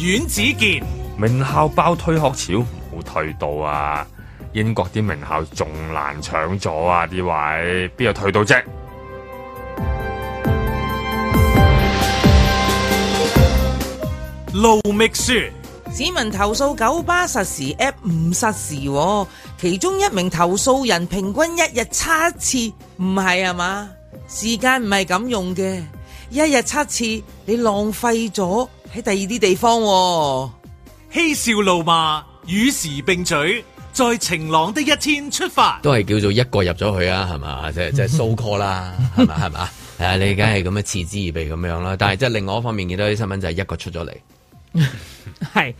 阮子健，名校爆退學潮，唔好退到啊！英國啲名校仲難搶咗啊！啲位邊有退到啫？盧覓書，市民投訴九巴實時 app 唔實時，哦，其中一名投訴人平均一日七次，唔係啊嘛？時間唔係咁用嘅，一日七次你浪費咗喺第二啲地方，哦，嬉笑怒罵與時並舉。在晴朗的一天出發，都係叫做一個入咗去啊，係嘛，即係即係騷 call 啦， 係嘛，係嘛，誒，你梗係咁樣持之以備咁樣啦。但係即係另外一方面見到啲新聞就係一個出咗嚟，係，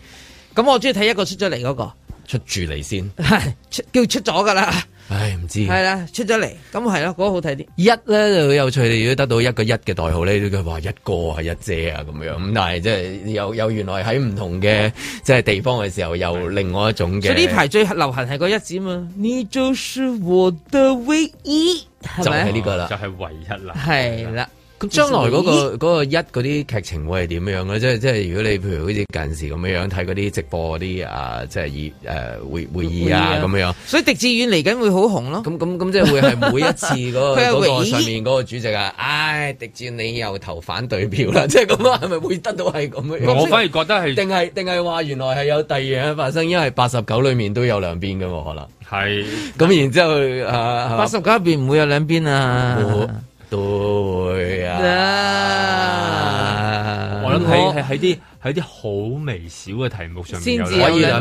咁我中意睇一個出咗嚟嗰個出住嚟先，係叫出咗噶啦。唉，唔知係啦，出咗嚟，咁係咯，嗰、嗰個好睇啲。一咧就好有趣，你如果得到一個一嘅代號咧，都佢話一個啊，一姐啊咁樣。咁但係即係又有原來喺唔同嘅即係地方嘅時候，又 另外一種嘅。所以呢排最流行係個一字啊嘛。你就是我的唯一，就係呢個啦，就係、是就是、唯一啦，係啦。是咁將來嗰、那個嗰、那個一嗰啲劇情會係點樣咧？即係即係如果你譬如好似近時咁樣樣睇嗰啲直播嗰啲啊，即係誒、啊、會會議啊咁樣、啊、樣。所以狄志遠嚟緊會好紅咯。咁咁咁即係會係每一次嗰、那個嗰 個、那個上面嗰個主席啊，唉，狄、哎、志遠你又投反對票啦？即係咁啊，係咪會得到係咁樣？我反而覺得係，定係定係話原來係有第二樣發生，因為八十九裏面都有兩邊噶嘛，可能係。咁然之後啊，八十九入邊唔會有兩邊啊。 對啊，我諗係係喺啲喺啲好微小嘅題目上面，先至有啲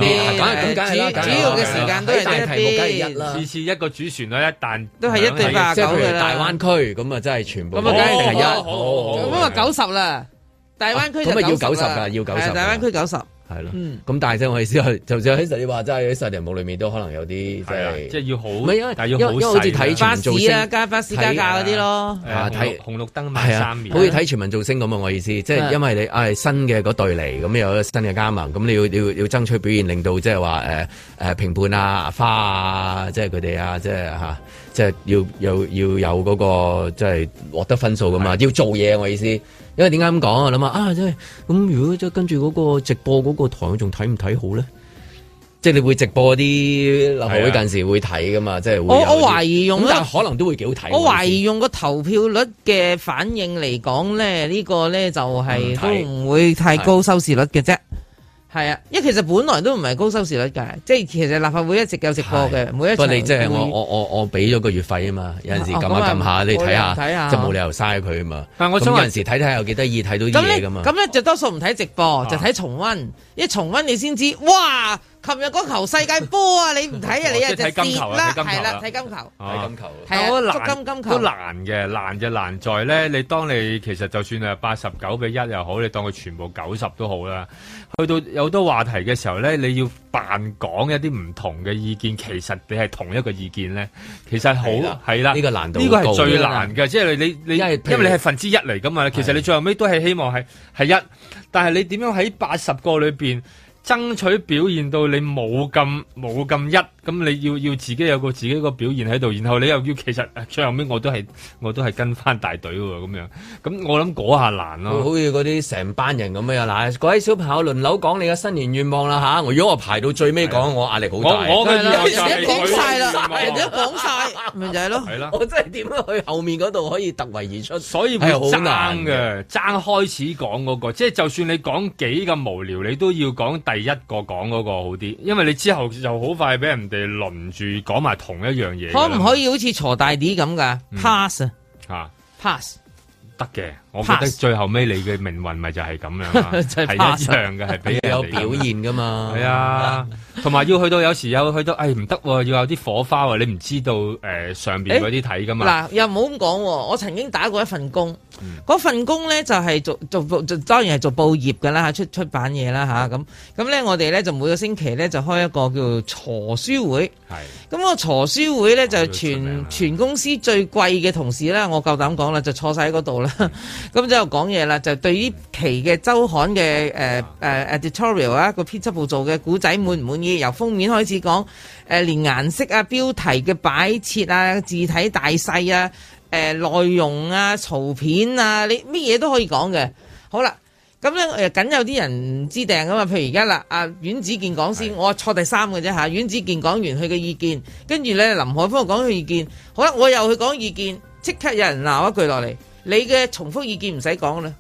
主要嘅時間都係大題目。次次一個主旋律一彈，都係一定八九嘅啦。大灣區咁啊，真係全部梗係一，咁啊九十啦，大灣區就九十啦。咁啊要九十噶，要九十，大灣區九十。係、嗯、咯，咁大即我意思，就就喺實際話，真係喺細人墓裏面都可能有啲即係，即係要好，唔係因為，但係要，要好似睇巴士啊，加巴士加價嗰啲咯，紅綠燈三秒，好似睇全民造星咁啊！我意思，即係因為你啊，新嘅嗰隊嚟，咁有新嘅加盟，咁你要要要爭取表現，令到即係話誒誒評判啊、花啊，即係佢哋啊，即係吓、啊，即係要要要有嗰、那個即係獲得分數咁啊。要做嘢我意思。因為點解咁講啊？諗下啊，即係咁，如果即係跟住嗰個直播嗰個台，仲睇唔睇好咧？即係你會直播啲立法會，陣時會睇噶嘛？即係我我懷疑用，但可能都會幾好睇。我懷疑用個投票率嘅反應嚟講咧，呢個咧就係都唔會太高收視率嘅啫。係啊，因為其實本來都唔係高收視率嘅，即係其實立法會一直有直播嘅，啊，每一場我。不過你即係我我我我俾咗個月費啊嘛，有陣時撳一撳下你睇下，就冇理由嘥佢啊嘛。咁有陣時睇睇又幾得意，睇到啲嘢噶嘛。咁咧就多數唔睇直播，就睇重溫。一重溫你先知，哇！琴日嗰球世界波啊！你唔睇啊？你啊只賬啦，係、哦、啦，睇、就是、金，金，金球，睇、啊、金球，睇金，金球。我覺得難，金球都難嘅，難就難在咧。你當你其實就算係八十九比一又好，你當佢全部九十都好啦。去到有好多話題嘅時候咧，你要扮講一啲唔同嘅意見，其實你係同一個意見咧。其實好係啦，呢、呢個難度呢、呢個係最難嘅，即、這、係、個這個、你你因為因為你係分之一嚟㗎嘛。其實你最後尾都係希望係係一，但係你點樣喺八十個裏面。爭取表現到你冇咁冇咁一。咁你要要自己有個自己個表現喺度，然後你又要其實最後尾我都係我都係跟翻大隊喎，咁樣咁我諗嗰下難咯、啊，好似嗰啲成班人咁樣嗱，各位小朋友輪流講你嘅新年願望啦吓、啊，我如果我排到最尾講、啊，我壓力好大。我咪係啦，人哋講曬啦，人哋講曬，咪就係咯 是啦、 啊，我真係點樣去後面嗰度可以突圍而出？所以係好難嘅，爭開始講嗰、嗰個，即係就算你講幾咁無聊，你都要講第一個講嗰個好啲，因為你之後就好快俾人哋。係輪住講埋同一樣嘢，可唔可以好似鋤大 D 咁噶？pass 啊，吓 pass 得嘅。我覺得最後尾你嘅命運咪就係咁樣，係 一樣嘅，係俾人 有表現噶嘛。 係啊，同埋要去到有時有去到，哎唔得喎，要有啲火花喎、啊，你唔知道誒、呃、上邊嗰啲睇噶嘛。嗱、欸、又唔好咁講，我曾經打過一份工，嗰、嗯、份工咧就係、是、做做做，當然係做報業噶啦，出出版嘢啦吓咁咁咧，啊、我哋咧就每個星期咧就開一個叫做鋤書會，係咁、那個鋤書會咧就是、全全公司最貴嘅同事啦，我夠膽講啦，就坐晒喺嗰度啦。嗯咁就講嘢啦，就對於期嘅周刊嘅誒誒 editorial 啊，個編輯部做嘅古仔滿唔滿意？由封面開始講，誒、呃、連顏色啊、標題嘅擺設啊、字體大細啊、誒、呃、內容啊、圖片啊，你咩嘢都可以講嘅。好啦，咁咧誒，呃、梗有啲人唔知訂㗎嘛。譬如而家啦，啊阮子健講先，我先坐第三個啫嚇。阮子健講完佢嘅意見，跟住咧林海峰講佢意見，好啦，我又去講意見，即刻有人鬧一句落嚟。你嘅重複意見唔使講啦，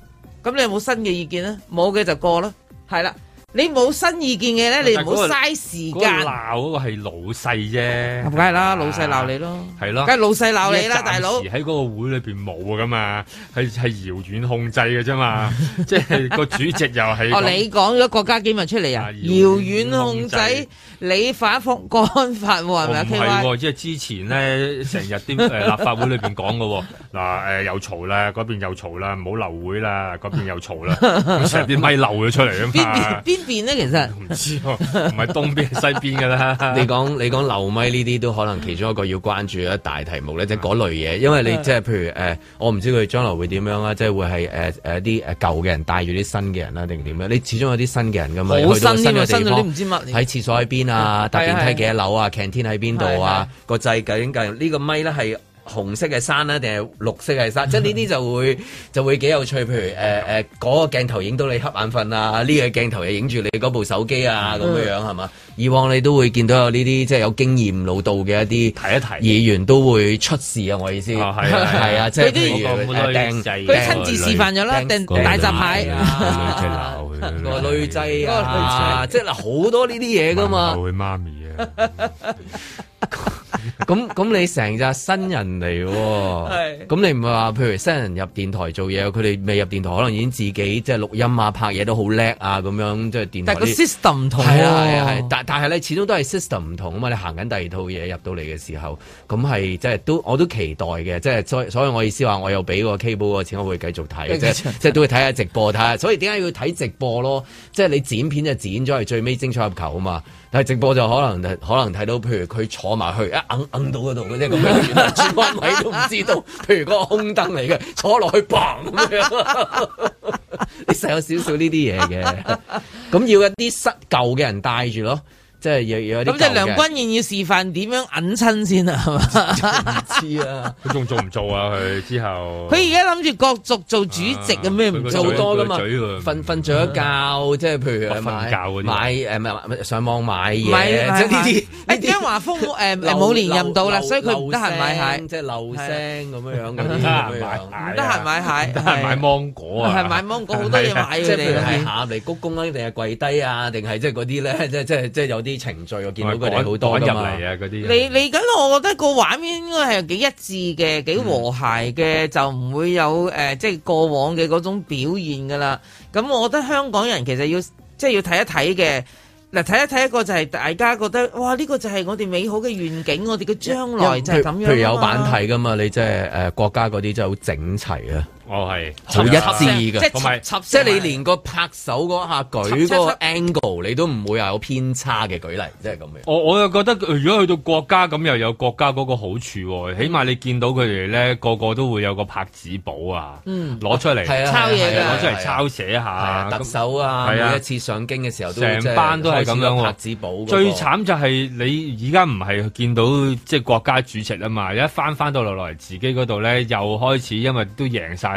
咁你有冇新嘅意見咧？冇嘅就過咯，係啦。你冇新意見嘅咧，你唔好嘥時間。鬧嗰個係老細啫，係咪？係啦，老細鬧你咯，係咯。梗係老細鬧你啦，大佬。喺嗰個會裏邊冇噶嘛，係係遙遠控制嘅啫嘛，即係個主席又係。哦，你講咗國家機密出嚟啊？遙遠控制。你反幅幹法喎？係咪即係之前咧，成日啲立法會裏面講嘅嗱誒，又 嘈、呃、啦，嗰邊又嘈啦，唔好流會啦，嗰邊又嘈啦，成日啲咪流咗出嚟啊嘛！邊邊咧？其實唔知喎，唔係東邊係 西邊嘅啦。你講你講漏咪呢啲都可能其中一個要關注嘅一大題目咧，即係嗰類嘢，因為你即係 譬如、呃、我唔知佢將來會點樣啦，即係會係誒誒啲誒舊嘅人帶住啲新嘅人啦，定點樣？你始終有啲新嘅人噶嘛，去新嘅唔知乜？喺廁所喺邊？啊！搭電梯幾多樓啊？canteen 喺邊度啊？個掣究竟點計？呢個咪咧係。紅色嘅山咧，定係綠色嘅山， 即係呢啲就會就會幾有趣。譬如誒誒，嗰、呃那個鏡頭影到你瞌眼瞓啊，呢、這個鏡頭又影住你嗰部手機啊，咁樣樣係嘛？以往你都會見到有呢啲即係有經驗老道嘅一啲提一提議員都會出事啊！我意思係啊係啊，啊，啊，啊，即係嗰、那個女仔，佢、呃、親自示範咗啦，掟大閘蟹，個女仔啊，即係嗱好多呢啲嘢噶嘛。佢媽咪啊！ 咁 咁你成隻新人嚟，咁你唔係話，譬如新人入電台做嘢，佢哋未入電台，可能已經自己即係錄音啊、拍嘢都好叻啊，咁樣即係電台。但係個 system 唔同，係啊係啊，但但係咧，始終都係 system 唔同啊嘛。你行緊第二套嘢入到嚟嘅時候，咁係即係都，我都期待嘅，即係所以我意思話，我又俾個 cable 嘅錢，我會繼續睇， 即係 即係都會睇下直播，睇下。所以點解要睇直播咯？即係你剪片就剪咗係最尾精彩入球啊嘛，但係直播就可能可能睇到，譬如佢坐埋去。揞揞到嗰度嘅啫，咁樣轉彎位都唔知道。譬 如嗰個空凳嚟嘅， 坐落去嘭咁樣。 你識有少少呢啲嘢嘅，咁要一啲失舊嘅人帶住咯。即係有有咁，即係梁君彥要示範點樣揞親先啊？係嘛？知啊，佢 仲做唔做啊？佢之後，佢而家諗住角逐做主席啊？咩唔做多㗎嘛？瞓瞓咗一覺，嗯、即係譬如瞓覺買誒，唔係唔上網買嘢，即係呢啲。誒、啊，張華峰誒冇連任到啦，所以佢唔得閒買鞋，即係流聲咁、啊啊、樣樣嗰啲得閒買鞋，得閒、啊、買芒果啊，係買芒果好多嘢買嘅你，係下嚟鞠躬啊，定係、啊啊、跪低啊，定係即係嗰啲咧，即係即係即係有。啲程序我見到佢哋好多噶嘛，啊、你嚟緊我覺得個畫面應該係幾一致嘅，幾和諧嘅、嗯，就唔會有誒，即、呃、係、就係、過往嘅嗰種表現噶啦。咁我覺得香港人其實要即係、就係、要睇一睇嘅嗱，睇一睇一個就係大家覺得哇，呢、呢個就係我哋美好嘅願景，我哋嘅將來就係咁樣。譬如有版體噶嘛，你即係誒國家嗰啲就好整齊啊。哦，係好一致嘅，即係同埋即係你連個拍手嗰下舉、個 angle，你都唔會係有偏差嘅舉例，即係咁樣。我我又覺得，如果去到國家咁又有國家嗰個好處，嗯、起碼你見到佢哋咧個個都會有個拍子簿啊，攞、嗯、出嚟，係、嗯啊啊啊啊、抄嘢㗎，攞出嚟抄寫一下、啊啊、特首啊，係啊，每一次上京嘅時候都，都成班都係咁樣，拍子簿、那個，最慘就係你而家唔係見到即係、就是、國家主席啊嘛，嗯、一翻翻到落嚟自己嗰度咧，又開始因為都贏晒。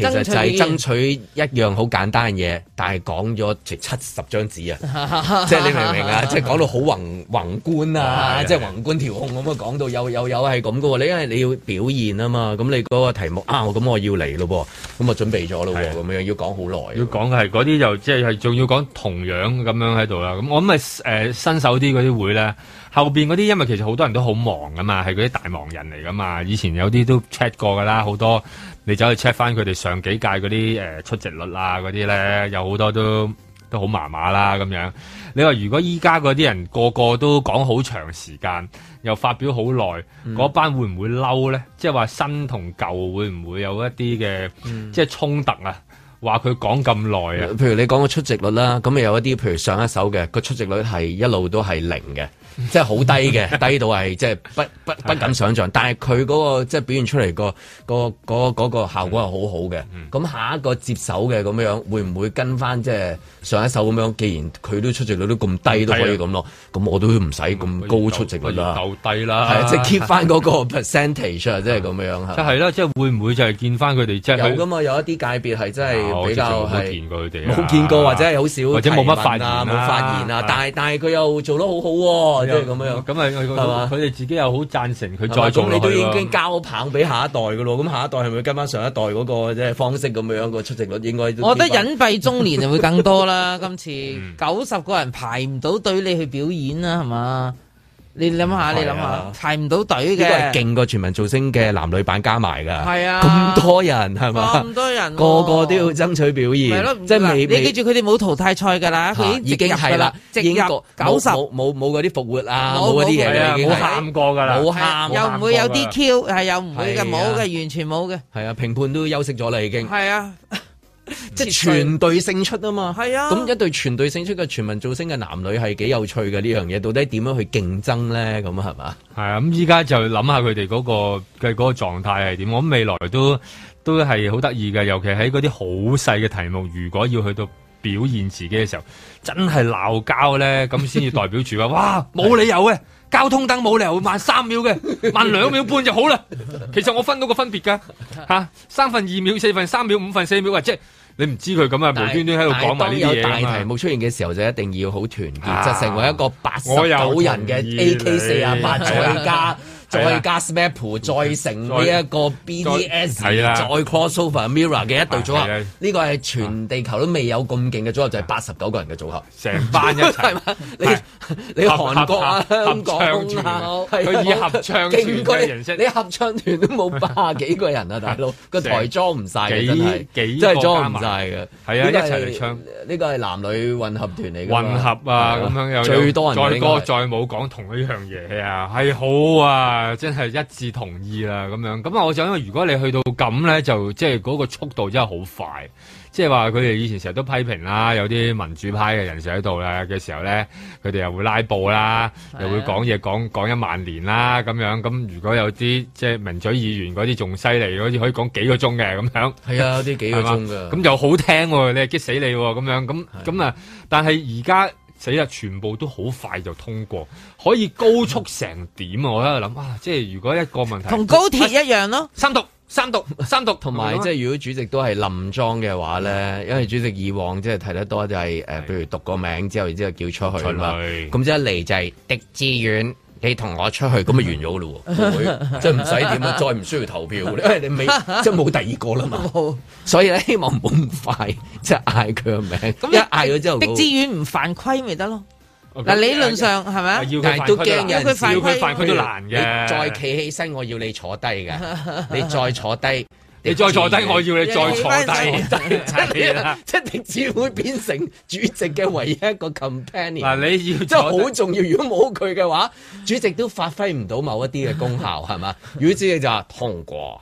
其實就係爭取一樣好簡單嘅嘢，但係講咗七十張紙啊！ 即係你明唔明啊？ 即係講到好宏宏觀啊！即係宏觀調控咁啊，講 到又又又係咁噶喎！你因為你要表現啊嘛，咁你嗰個題目啊，咁我要嚟咯喎，咁我準備咗咯，咁樣要講好耐。要講嘅係嗰啲就即係係仲要講同樣咁樣喺度啦。咁我咁咪誒新手啲嗰啲會咧，後邊嗰啲因為其實好多人都好忙噶嘛，係嗰啲大忙人嚟噶嘛。以前有啲都 check 過噶啦，好多。你走去 check 翻佢哋上幾屆嗰啲誒出席率啊嗰啲咧，有好多都都好麻麻啦咁樣。你話如果依家嗰啲人個個都講好長時間，又發表好耐，嗰、嗯、班會唔會嬲咧？即係話新同舊會唔會有一啲嘅、嗯、即係衝突啊？話佢講咁耐啊，譬如你講個出席率啦，咁有一啲譬如上一手嘅個出席率係一路都係零嘅， 即係好低嘅， 低到係即係不不不敢想象。 但係佢嗰個即係、即係、表現出嚟、嗰個、嗰個個嗰、嗰個效果係好好嘅。咁、嗯嗯、下一個接手嘅咁樣，會唔會跟翻即係上一手咁樣？既然佢都出席率都咁低都可以咁咯，咁我都唔使咁高出席率啦，夠低啦，係啊，即係 keep 翻嗰個 percentage 啊 這，即係咁樣係。係啦，即係會唔會就係見翻佢哋有㗎嘛？有一啲界別係真係。比較佢哋，冇見過或者係好少，或者冇乜發言、啊，冇發言啊！但係但係佢又做得好好喎，即係咁樣咁啊，佢、嗯、哋、就是嗯嗯嗯、自己又好贊成佢再做，咁你都已經交棒俾下一代㗎咯。咁下一代係咪跟翻上一代嗰個嘅方式咁樣個出席率應該？我覺得隱蔽中年就會更多啦。今 次九十個人排唔到隊，你去表演啦，係嘛？你諗下，你諗下，排唔、啊、到隊嘅，呢個係勁過全民造星嘅男女版加埋噶，係啊，咁多人係嘛，咁多人、哦，個個都要爭取表現，係咯，即係未未。你記住佢哋冇淘汰賽噶啦，已經係啦，直入九十，冇冇嗰啲復活啊，冇嗰啲嘢，已經冇喊過噶啦，冇喊，又唔會有啲 Q，係又唔會嘅，冇嘅，完全冇嘅。係啊，評判都休息咗啦，已經係啊。 即係全隊勝出啊嘛，係、嗯、啊，咁一對全隊勝出嘅全民造星嘅男女係幾有趣嘅呢樣嘢？到底點樣去競爭呢？咁啊係嘛？係啊，咁依家就諗下佢哋嗰個嘅嗰、嗰個狀態係點？我諗未來都都係好得意嘅，尤其喺嗰啲好細嘅題目，如果要去到表現自己嘅時候，真係鬧交咧，咁先至代表住話， 哇，冇理由嘅，交通燈冇理由會慢三秒嘅，慢兩秒半就好啦。 其實我分到個分別噶吓，三、啊、分、二秒，四分三秒，五分四秒，或、啊、者。即你唔知佢咁啊，無端端喺度講埋啲嘢。當有大題目出現嘅時候，就一定要好團結，就、啊、成為一個八十人嘅 AK 四啊八左加。 再加 SMAP 再成呢一個 BTS 再 Crossover Mirror 嘅一隊組合，呢個係全地球都未有咁勁嘅組合，就係八十九個人嘅組合，成班一齊。係 你你韓國啊，合合合啊，香港佢、啊啊、以合唱團形式，你合唱團都冇百幾個人啊，大佬個台裝唔晒嘅，真係裝唔晒嘅。係啊，一齊嚟唱呢個係男女混合團嚟嘅。混合啊，咁樣又最多人嘅。再歌再冇講同一樣嘢啊，係好啊！誒、啊，真係一致同意啦，咁樣咁啊！我想，因為如果你去到咁呢，就即係嗰個速度真係好快，即係話佢哋以前成日都批評啦，有啲民主派嘅人士喺度啦嘅時候呢，佢哋又會拉布啦，又會講嘢講講一萬年啦，咁樣咁如果有啲即係民主議員嗰啲仲犀利，嗰啲可以講幾個鐘嘅咁樣。係啊，啲幾個鐘噶，咁又好聽、哦，你激死你咁、哦、樣咁咁啊！但係而家。死啦！全部都好快就通過，可以高速成點啊！我喺度諗啊，即係如果一個問題同高鐵一樣咯、啊，三讀三讀三讀，同埋即係如果主席都係冧莊嘅話咧，因為主席以往即係睇得多就係、是、誒，譬如讀個名之後然之後叫出去咁，即係嚟就係狄志遠。你同我出去咁咪完咗咯？即係唔使點再唔需要投票，因 為你未即係冇第二個啦嘛。 所以咧，希望唔好咁快，即係嗌佢個名。咁一嗌咗之後、那個，啲資源唔犯規咪得咯？嗱，理論上係咪、yeah, yeah,？要都犯規，要佢犯規都難嘅。難你再企起身，我要你坐低嘅。 你再坐低。你再坐低，我要你再坐低，一定，一定只會變成主席嘅唯一一個 company。嗱，你要真係好重要，如果冇佢嘅話，主席都發揮唔到某一啲嘅功效，係嘛？如果主席就話通過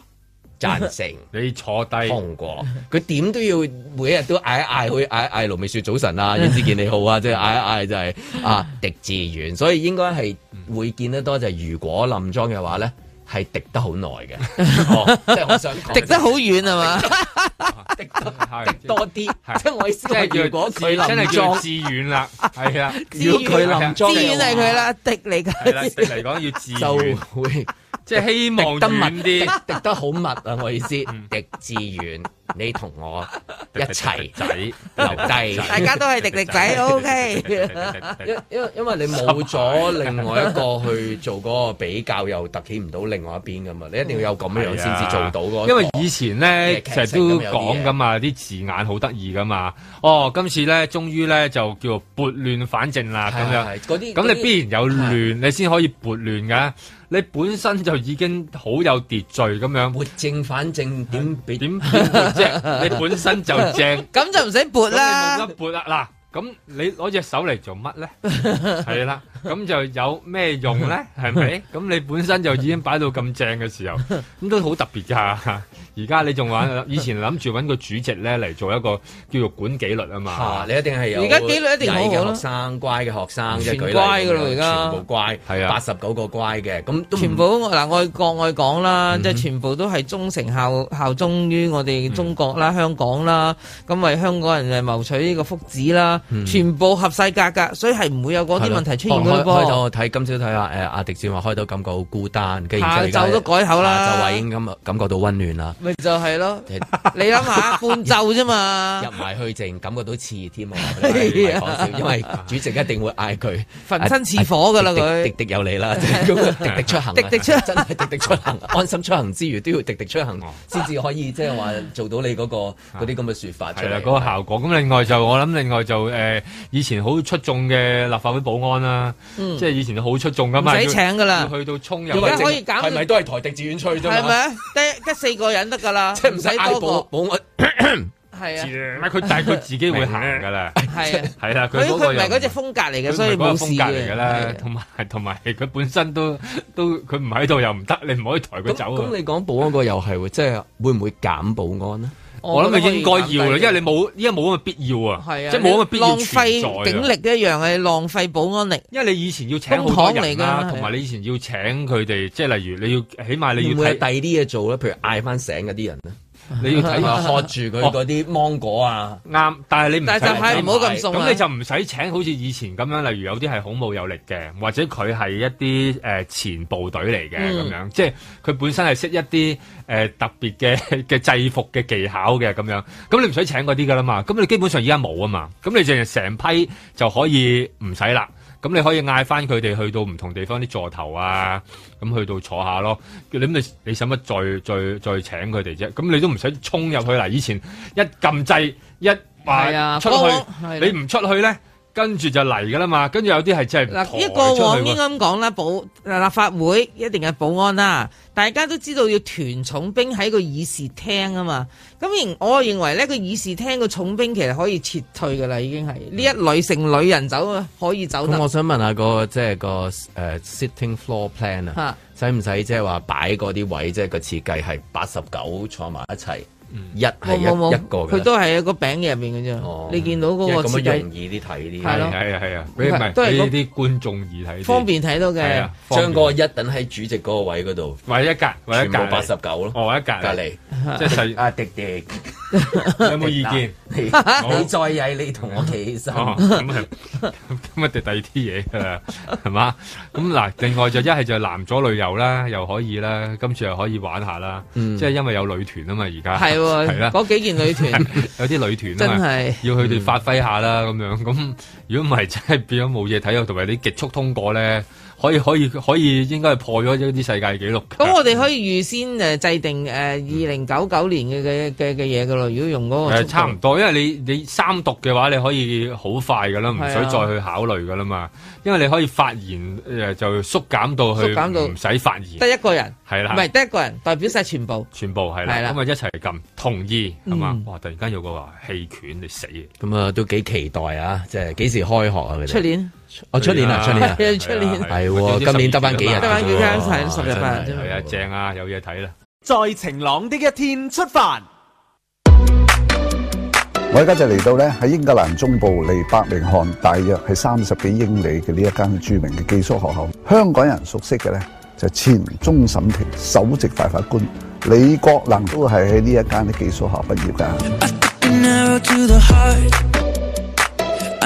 贊成，你坐低通過，佢點 都要每一日都嗌一嗌，去嗌嗌盧美雪早晨啊，袁志健你好啊，即係嗌一嗌就係、是、啊，狄志遠，所以應該係會見得多。就是、如果冧莊嘅話咧。係滴得好耐嘅，即係我想滴得好遠啊嘛，滴得多啲，即係我意思。即係如果佢淋裝自遠啦，係啊，自遠係佢啦，滴嚟㗎。係啦，嚟講要自遠就會。 即係希望得啲， 滴得好密啊！ 我意思滴至遠，你同我一齊仔留低，大家都係滴滴仔，仔，仔，仔，仔，仔，O、okay、K。因因為因為你冇咗另外一個去做嗰個比較， 又凸顯唔到另外一邊噶嘛，你一定要有咁樣先至做到、那個。 因為以前咧其實都講咁啊，啲字眼好得意噶嘛。哦，今次咧終於咧就叫做撥亂反正啦，咁 這樣。咁 你必然有亂， 你先可以撥亂噶。你本身就已經好有秩序咁樣，撥正反正點 點變正，你本身就正，咁 就唔使撥啦。 你冇得撥啊！嗱，咁你攞隻手嚟做乜咧？係啦。 咁就有咩用咧？係咪？咁你本身就已經擺到咁正嘅時候，咁都好特別㗎。而家你仲玩？以前諗住揾個主席咧嚟做一個叫做管紀律啊嘛。你一定係有。而家紀律一定有好學生，乖嘅學生，乖㗎啦。而家全部乖，係啊，八十九個乖嘅。咁都全部嗱，愛國愛港啦，即係全部都係忠誠效效忠於我哋中國啦、香港啦，咁為香港人嚟謀取呢個福祉啦，全部合曬格㗎，所以係唔會有嗰啲問題出現。開開我睇今朝睇下，誒、呃、阿迪志話開到感覺好孤單，跟住然之後，下晝都改口啦。下晝已經咁感覺到溫暖啦，咪就係、是、咯。 你諗下，伴奏啫嘛，入埋去淨感覺到熾熱添喎。唔好笑，因為主席一定會嗌佢焚身似火噶啦，佢滴滴，滴滴有你啦， 滴滴出行，滴滴出真係滴滴出行， 安心出行之餘都要滴滴出行，先、哦、至可以即係話做到你嗰、那個嗰啲咁嘅說法出嚟嗰、啊那個效果。咁另外就我諗，另外就誒、呃、以前好出眾嘅立法會保安啦、啊。嗯、即係以前好出眾噶嘛，唔使請噶啦，去到衝入，是可以揀，係咪都係台迪志遠吹啫？係咪得得四個人得噶啦？即係唔使嗌保保安，係、那個、 啊，佢，但係佢自己會行噶啦，係 啊，係啦、啊，佢嗰唔係嗰隻風格嚟嘅，所以冇事唔係嗰個風格嚟噶啦，同埋同埋佢本身都 都，佢唔喺度又唔得，你唔可以抬佢走。咁你講保安個又係， 即係會唔會減保安呢？我諗咪應該要咯，因為你冇，因為冇咁嘅必要啊，即係冇咁嘅必要存在，浪費警力一樣係浪費保安力，因為你以前要請堂嚟人，同埋你以前要請佢哋，啊、即係例如你要起碼你要睇。唔會係第二啲嘢做咧，譬如嗌翻醒嗰啲人咧。你要睇住佢嗰啲芒果啊，啱，哦。但係你唔但係唔好咁送。咁你就唔使請，好似以前咁樣。例如有啲係恐怖有力嘅，或者佢係一啲誒，呃、前部隊嚟嘅咁樣，嗯、即係佢本身係識一啲誒，呃、特別嘅嘅制服嘅技巧嘅咁樣。咁你唔使請嗰啲噶啦嘛。咁你基本上而家冇啊嘛。咁你就成批就可以唔使啦。咁你可以嗌翻佢哋去到唔同地方啲座頭啊。咁去到坐下咯，你咁你你使乜再再再、再請佢哋啫？咁你都唔使衝入去啦，以前一撳掣一話、啊啊、出去，哦、你唔出去咧。跟住就嚟噶啦嘛，跟住有啲係真係抬出去。嗱，這個往應該咁講啦，保立法會一定係保安啦。大家都知道要團重兵喺個議事廳啊嘛。咁我認為呢個議事廳個重兵其實可以撤退噶啦，已經係呢一女性女人走可以走得。嗯。我想問一下，那個即係個 sitting floor plan 啊，使唔使即係話擺嗰啲位即係個設計係八十九坐埋一齊？一係一個，佢都係喺個餅入邊嘅啫。你見到嗰個咁容易啲睇啲，係咯係啊係啊，都係俾啲觀眾易睇。方便睇到嘅，將嗰個一等喺主席嗰個位嗰度，或者一格，或者一格八十九咯，我一格隔籬。即係阿迪迪，有、啊、冇、啊、意見？你再曳，你同我企起身。咁、嗯、啊，咁、哦、啊，第二啲嘢啦，係、嗯、嘛？咁、嗯、嗱、嗯嗯嗯嗯，另外就是、一係就男咗旅右啦，又可以啦，今次又可以玩一下啦、嗯。即係因為有女團啊嘛，而家係係啦，嗰、嗯嗯、幾件女團， 有啲女團啊嘛，要佢哋發揮下啦，咁、嗯、樣。咁如果唔係，不真係變咗冇嘢睇啊，同埋你極速通過咧。可以可以可以，可以可以應該係破咗呢啲世界紀錄。咁，我哋可以預先誒制定誒二零九九年嘅嘅嘅嘅嘢噶喇。如果用嗰個，差唔多，因為你你三讀嘅話，你可以好快噶啦，唔使再去考慮噶啦嘛、啊。因為你可以發言誒，就縮減到去，縮減到唔使發言，得一個人係啦，唔係得一個人代表晒全部，全部係啦，咁咪、啊啊啊啊、一齊撳同意係嘛、嗯？哇！突然間有個話棄權，你死咁啊，嗯、都幾期待啊！即係幾時開學啊？出年。我、哦、出年了啊，出年啦，係、啊啊啊啊，今年得翻幾日，得翻幾日、啊，十日八日係啊，正啊，有嘢睇啦。在晴朗的一天出發，我而家就嚟到咧喺英格蘭中部離伯明翰大約係三十幾英里嘅呢一間著名嘅寄宿學校。香港人熟悉嘅咧，就是、前終審庭首席大法官李國能都係喺呢一間嘅寄宿學校畢業噶。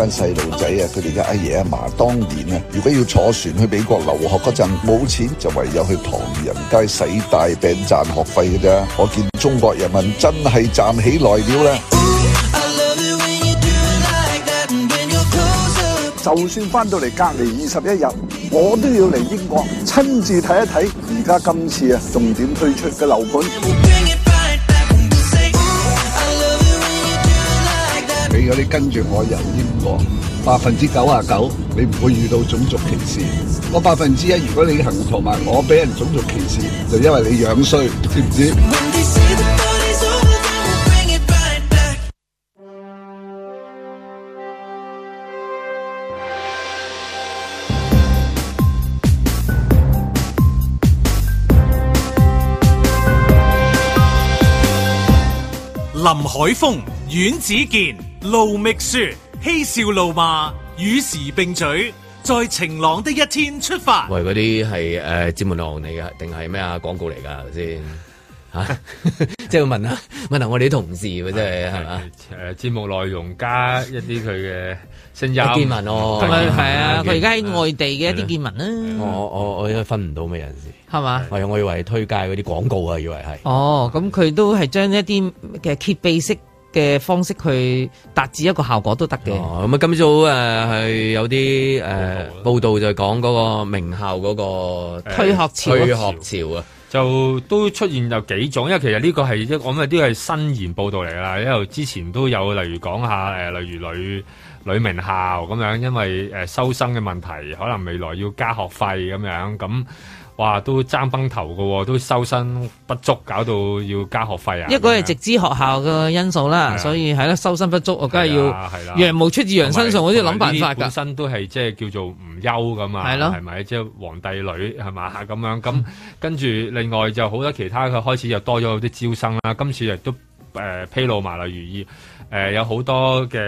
班細路仔啊，佢哋嘅阿爺阿嫲當年啊，如果要坐船去美國留學嗰陣冇錢，就唯有去唐人街洗大餅賺學費嘅啫。我見中國人民真係站起來了啦。 就算翻到嚟隔離二十一日，我都要嚟英國親自睇一睇而家今次啊重點推出嘅樓盤。你跟住我遊英國，百分之九啊九，你唔會遇到種族歧視。我百分之一，如果你行同埋我俾人種族歧視，就因為你樣衰，知唔知？Over, 林海峰、阮子健。盧覓雪嬉笑怒罵與時並舉，在晴朗的一天出發。喂，嗰啲係誒節目內容嚟噶，定係咩啊廣告嚟噶頭先吓？即 係 問下，問下我哋啲同事即真係，係嘛？誒、哎，節、就是呃、目內容加一啲佢嘅聲音，見聞咯，係啊，佢而家喺外地嘅一啲見聞啊。我我我都分唔到咩人士，係嘛？係、哎、我以為推介嗰啲廣告啊，以為係。哦，咁佢都係將一啲嘅揭秘式，嘅方式去達至一個效果都得嘅。咁啊，今朝早誒係有啲誒報道就講嗰個名校嗰個推學潮，推學潮啊，就都出現有幾種。因為其實呢個係一，我覺得呢個係新言報道嚟㗎喇。因為之前都有，例如講下誒，例如女女名校咁樣，因為誒收生嘅問題，可能未來要加學費咁樣咁。哇！都爭崩頭㗎喎，都收生不足，搞到要加學費啊！一個係直資學校嘅因素啦、嗯，所以係啦、啊啊，收生不足我梗係要係啦，羊毛出自羊身上，啊啊、我都要諗辦法㗎。本身都係即係叫做唔優㗎嘛，係咯、啊，係咪即係皇帝女係嘛咁樣咁，跟住，另外就好多其他佢開始又多咗啲招生啦。今次亦都誒披露埋啦，如意。誒、呃、有好多嘅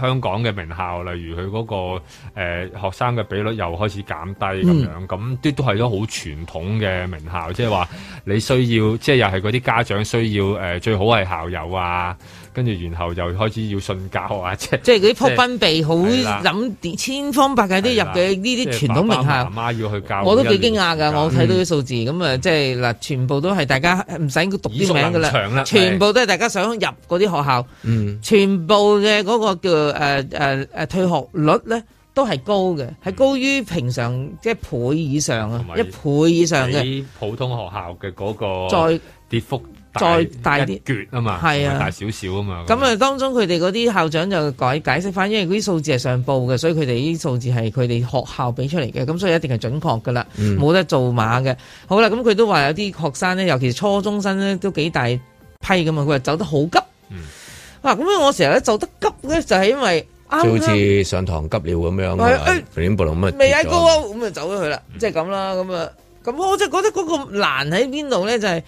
香港嘅名校，例如佢嗰、嗰個誒、呃、學生嘅比率又開始減低咁、嗯、樣，咁啲都係都好傳統嘅名校，即係話你需要，即係又係嗰啲家長需要、呃、最好係校友啊。跟住，然後又開始要信教啊！就是、即係嗰啲鋪兵備，好 諗、就是、千方百計啲入嘅呢啲傳統名校。媽、就是、要去教，我都幾驚訝噶。我睇到啲數字，咁、嗯、啊、嗯，即係嗱，全部都係大家唔使讀啲名噶啦，全部都係大家想入嗰啲學校。嗯、全部嘅嗰個叫、呃呃、退學率咧，都係高嘅，係、嗯、高於平常即係倍以上啊、嗯，一倍以上嘅。普通學校嘅嗰個再跌幅。大再大啲，撅啊大小小嘛，係啊，大少少啊嘛。咁啊，當中佢哋嗰啲校長就解解釋翻，因為嗰啲數字係上報嘅，所以佢哋啲數字係佢哋學校俾出嚟嘅，咁所以一定係準確噶啦，冇、嗯、得做馬嘅。好啦，咁佢都話有啲學生咧，尤其是初中生咧，都幾大批噶嘛，佢話走得好急。嗱、嗯，咁、啊、咧我成日咧走得急咧，就係、是、因為啱啦、啊哎哎哎嗯。就好似上堂急尿咁樣，唔係，未高，咁啊走咗去啦，即係咁啦。咁啊，咁我就覺得嗰個難喺邊度咧，就係、是、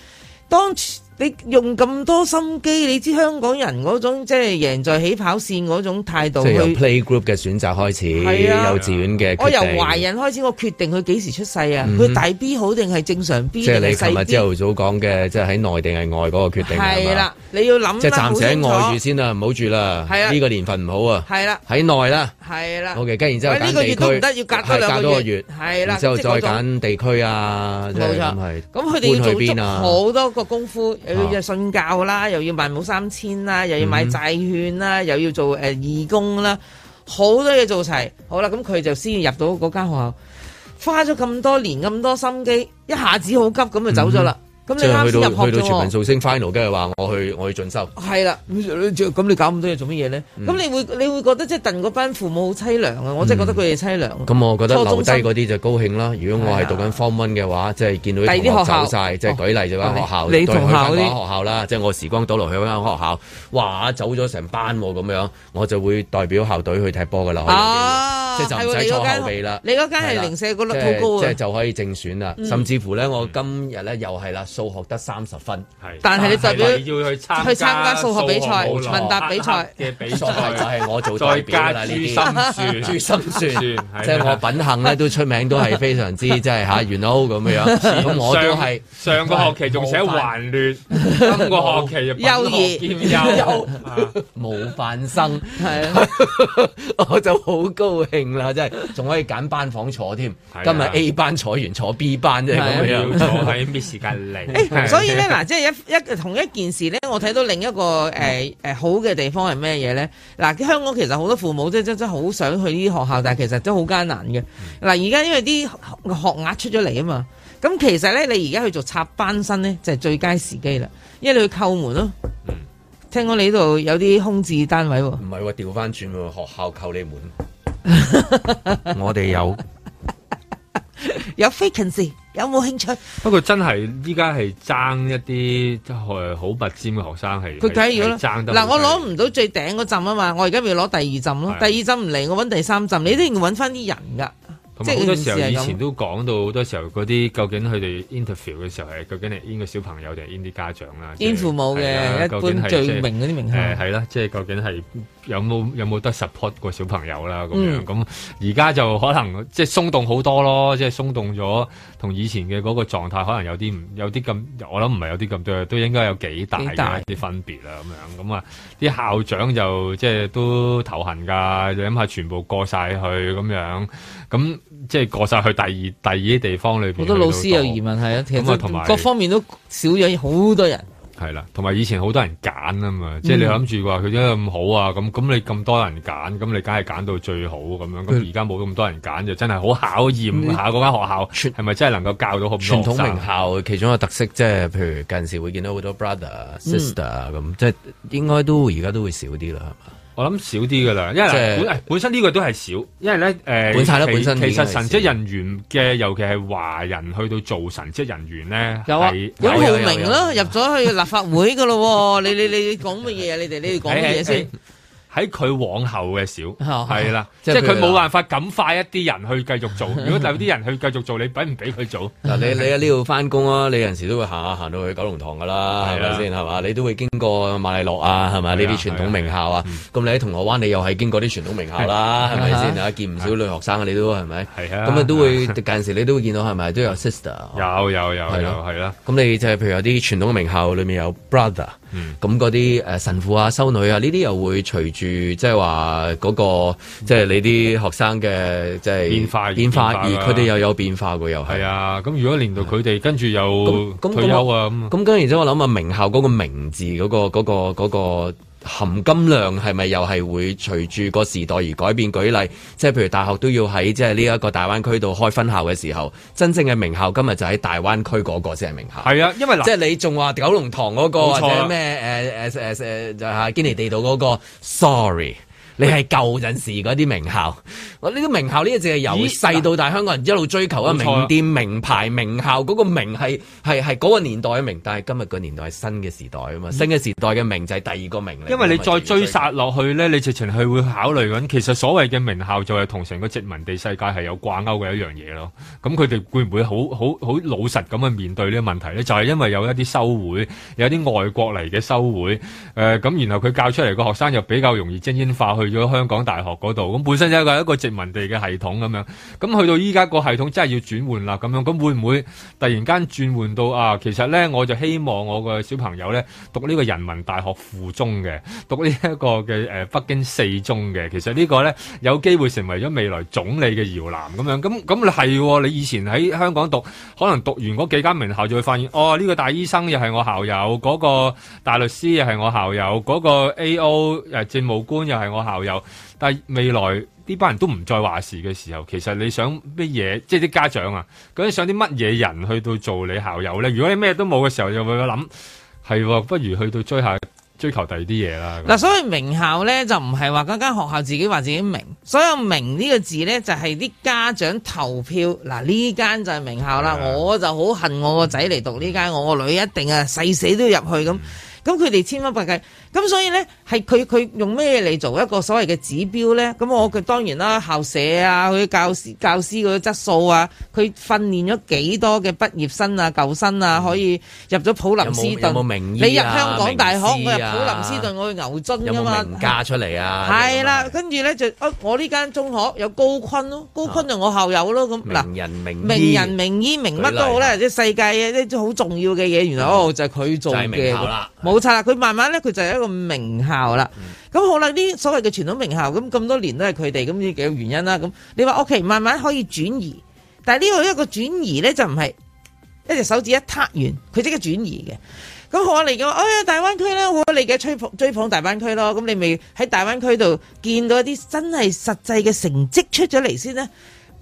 當。你用咁多心機，你知香港人嗰種即係贏在起跑線嗰種態度，即係由 playgroup 嘅選擇開始，啊、幼稚園嘅。我由懷孕開始，我決定佢幾時出世啊？佢、嗯、大 B 好定係正常 B 即係你琴日朝頭早講嘅，B, 即係喺內定係外嗰個決定係啦、啊，你要諗。即係暫時喺外住先啦，唔好住啦。係啊，呢、這個年份唔好啊。係啦、啊，喺內啦。係啦、啊。好、okay, 嘅、啊，跟住然之後呢個月都唔得，要隔多兩個月。係啦、啊，之、啊、後再揀地區啊。冇錯，係。咁佢哋要啊？要好多個功夫。又要信教啦，又要萬冇三千啦，又要買債券啦，又要做誒義工啦，好、嗯、多嘢做齊。好啦，咁佢就先入到嗰間學校，花咗咁多年咁多心機，一下子好急咁就走咗啦。嗯嗯即係去到去到全民素星 final，跟住話我去我去進修。係啦，咁你搞咁多嘢做乜嘢咧？咁、嗯、你會你會覺得即係戥嗰班父母好凄涼啊！我真係覺得佢哋凄涼。咁、嗯、我、嗯、覺得留低嗰啲就高興啦。如果我係讀緊 form one 嘅話，即係見到啲學生走曬，即係、就是、舉例咗、哦就是就是、間學校，你學校啲。啲。學校啦，即係我時光倒流去嗰間學校，哇！走咗成班咁樣，我就會代表校隊去踢波㗎啦，即係就唔使坐後備啦。你嗰間係零舍個率好高啊！即係就可以正選啦。甚至乎咧，我今日咧又係啦。數學得三十分，但係你代表你要去參去參加數學比賽、問答比賽嘅比賽係、就是、我做代表啦。呢啲，心算，心算，即係、就是、我品行咧都出名，都係非常之即係嚇圓 O 咁樣。咁我都係上，上個學期仲寫還亂， 今個學期優異，優優冇反生，啊， 是的 我就好高興啦！即係仲可以揀班房坐添。今日 A 班坐完坐 B 班啫，咁、就是、樣要坐，係咩時間嚟。誒、 欸，所以咧嗱，即係一一同一件事咧，我睇到另一個誒誒、呃呃、好嘅地方係咩嘢咧？嗱，香港其實好多父母真真真好想去呢啲學校，嗯、但係其實真係好艱難嘅。嗱、嗯，而家因為啲學額出咗嚟啊嘛，咁其實咧你而家去做插班生咧就係、是、最佳時機啦，因為你去扣門咯、啊。嗯，聽講你呢度有啲空置單位喎、啊。唔係喎，調翻轉喎，學校扣你門。 我哋有有 vacancy。有冇興趣？不過真係依家係爭一啲誒好拔尖嘅學生係，佢睇如果爭得嗱，我攞唔到最頂嗰陣啊嘛，我而家咪要攞第二陣咯、啊。第二陣唔嚟，我揾第三陣。你都要揾返啲人㗎。即係好多時候，以前都講到好多時候，嗰啲究竟佢哋 interview 嘅時候係究竟係揾個小朋友定係揾啲家長啦？揾父母嘅一般最明嗰啲名校。係啦，即係究竟係。有冇有冇得 support 個小朋友啦？咁、嗯、樣咁而家就可能即係鬆動好多咯，即係鬆動咗同以前嘅嗰個狀態，可能有啲唔有啲咁，我諗唔係有啲咁多，都應該有幾大啲分別啦。咁樣咁啊，啲校長就即係都頭痕㗎，你諗下全部過晒去咁樣，咁即係過晒去第二第二啲地方裏邊，好多老師有疑問係啊，其實各方面都少咗好多人。嗯係啦，同埋以前好多人揀啊嘛，嗯、即係你諗住話佢真係咁好啊，咁咁你咁多人揀，咁你梗係揀到最好咁樣。咁而家冇咁多人揀就真係好考驗下嗰間學校，係咪真係能夠教到好。傳統名校其中嘅特色即係，譬如近時會見到好多 brother sister 咁、嗯、即係應該都而家都會少啲啦，係嘛？我諗少啲噶啦，因為本、就係、本，本身呢個都係少，因為咧誒、呃，其實神職人員嘅，尤其係華人去到做神職人員咧，有啊，管浩鳴咯，入咗去立法會噶咯、哦， 你你你講乜嘢啊？你哋你哋講乜嘢先？ 喺佢往後嘅少，係、哦、啦，即係佢冇辦法咁快一啲人去繼續做。如果有啲人去繼續做， 你俾唔俾佢做？嗱，你你喺呢度翻工啊，你有陣時都會行下，行到去九龍塘噶啦，係咪先？係嘛，你都會經過馬利諾啊，係咪？呢啲傳統名校啊。咁、啊啊啊、你喺銅鑼灣，你又係經過啲傳統名校啦，係咪先啊？見唔少女學生啊，你都係咪？係咁啊，是啊你都會，陣、啊、時你都會見到係咪都有 sister？有有是、啊、有係啦係啦。咁、啊啊啊啊、你就係譬如有啲傳統名校裏面有 brother。咁嗰啲神父啊、修女啊呢啲又會隨住即係話嗰個即係、即係、你啲學生嘅即係變化，變化而佢哋又有變化喎，又係。係啊，咁如果連到佢哋跟住有退休啊咁。咁跟住之後我諗下名校嗰個名字嗰個嗰嗰個。嗰個嗰個含金量係咪又係會隨住個時代而改變？舉例，即係譬如大學都要喺即係呢一個大灣區度開分校嘅時候，真正嘅名校今日就喺大灣區嗰個先係名校。係啊，因為即係你仲話九龍塘嗰、嗰個，或者咩誒誒誒誒就係、係呃啊啊、堅尼地道嗰、嗰個。嗯、Sorry。你係舊陣時嗰啲名校，呢呢啲名校呢，就係由細到大，香港人一路追求啊，名店、名牌、名校，嗰個、啊、名係係係嗰個年代嘅名，但係今日個年代係新嘅時代啊嘛，新嘅時代嘅名就係第二個名。因為你再追殺落去呢，你直情係會考慮緊，其實所謂嘅名校就係同成個殖民地世界係有掛鈎嘅一樣嘢咯。咁佢哋會唔會好好好老實咁去面對呢個問題呢？就係、是、因為有一啲修會，有啲外國嚟嘅修會，誒、呃，咁然後佢教出嚟個學生又比較容易精英化去。去咗香港大學度，咁本身一個一個殖民地嘅系統咁樣，咁去到依家個系統真係要轉換啦，咁樣，咁會唔會突然間轉換到啊？其實咧，我就希望我個小朋友咧讀呢個人民大學附中嘅，讀呢一個嘅、誒北京四中嘅。其實呢個咧有機會成為咗未來總理嘅搖籃咁樣。咁咁你係，你以前喺香港讀，可能讀完幾間名校，就會發現哦呢、個大醫生又係我校友，嗰個大律師又係我校友，嗰個 A O 誒政務官又係我校。校友，但係未來呢班人都唔再話事嘅時候，其實你想乜嘢？即係啲家長啊，究竟想啲乜嘢人去到做你校友咧？如果你咩都冇嘅時候，就會諗係、啊、不如去到追下追求第二啲嘢啦。嗱，所以名校咧就唔係話嗰間學校自己話自己名，所有名呢個字咧就係、是、啲家長投票。嗱呢間就係名校啦、啊，我就好恨我個仔嚟讀呢間，我個女一定啊細死都要入去咁。咁佢哋千方百計。咁所以咧，係佢佢用咩嚟做一個所謂嘅指標咧？咁我佢當然啦，校舍啊，佢教，教師教師嗰啲質素啊，佢訓練咗幾多嘅畢業生啊、舊生啊，可以入咗普林斯頓？有冇有冇名醫、啊、你入香港大學，啊、我入普林斯頓，我去牛津噶嘛？名家出嚟啊？係啦、啊，跟住咧就我呢間中學有高坤咯，高坤就我校友咯咁。名人名義名人名醫名乜都好咧，即世界嘅即好重要嘅嘢。原來我就係佢做嘅。就係、名校啦。冇錯啦，佢慢慢咧，佢就係一個名校啦，咁好啦，呢所謂嘅傳統名校，咁咁多年都係佢哋，咁呢幾個原因啦，咁你話 OK，慢慢可以轉移，但係呢個一個轉移呢，就唔係一隻手指一撻完，佢即刻轉移嘅，咁我嚟嘅，哎呀大灣區咧，我哋嘅追捧追捧大灣區咯，咁你咪喺大灣區度見到一啲真係實際嘅成績出咗嚟先呢。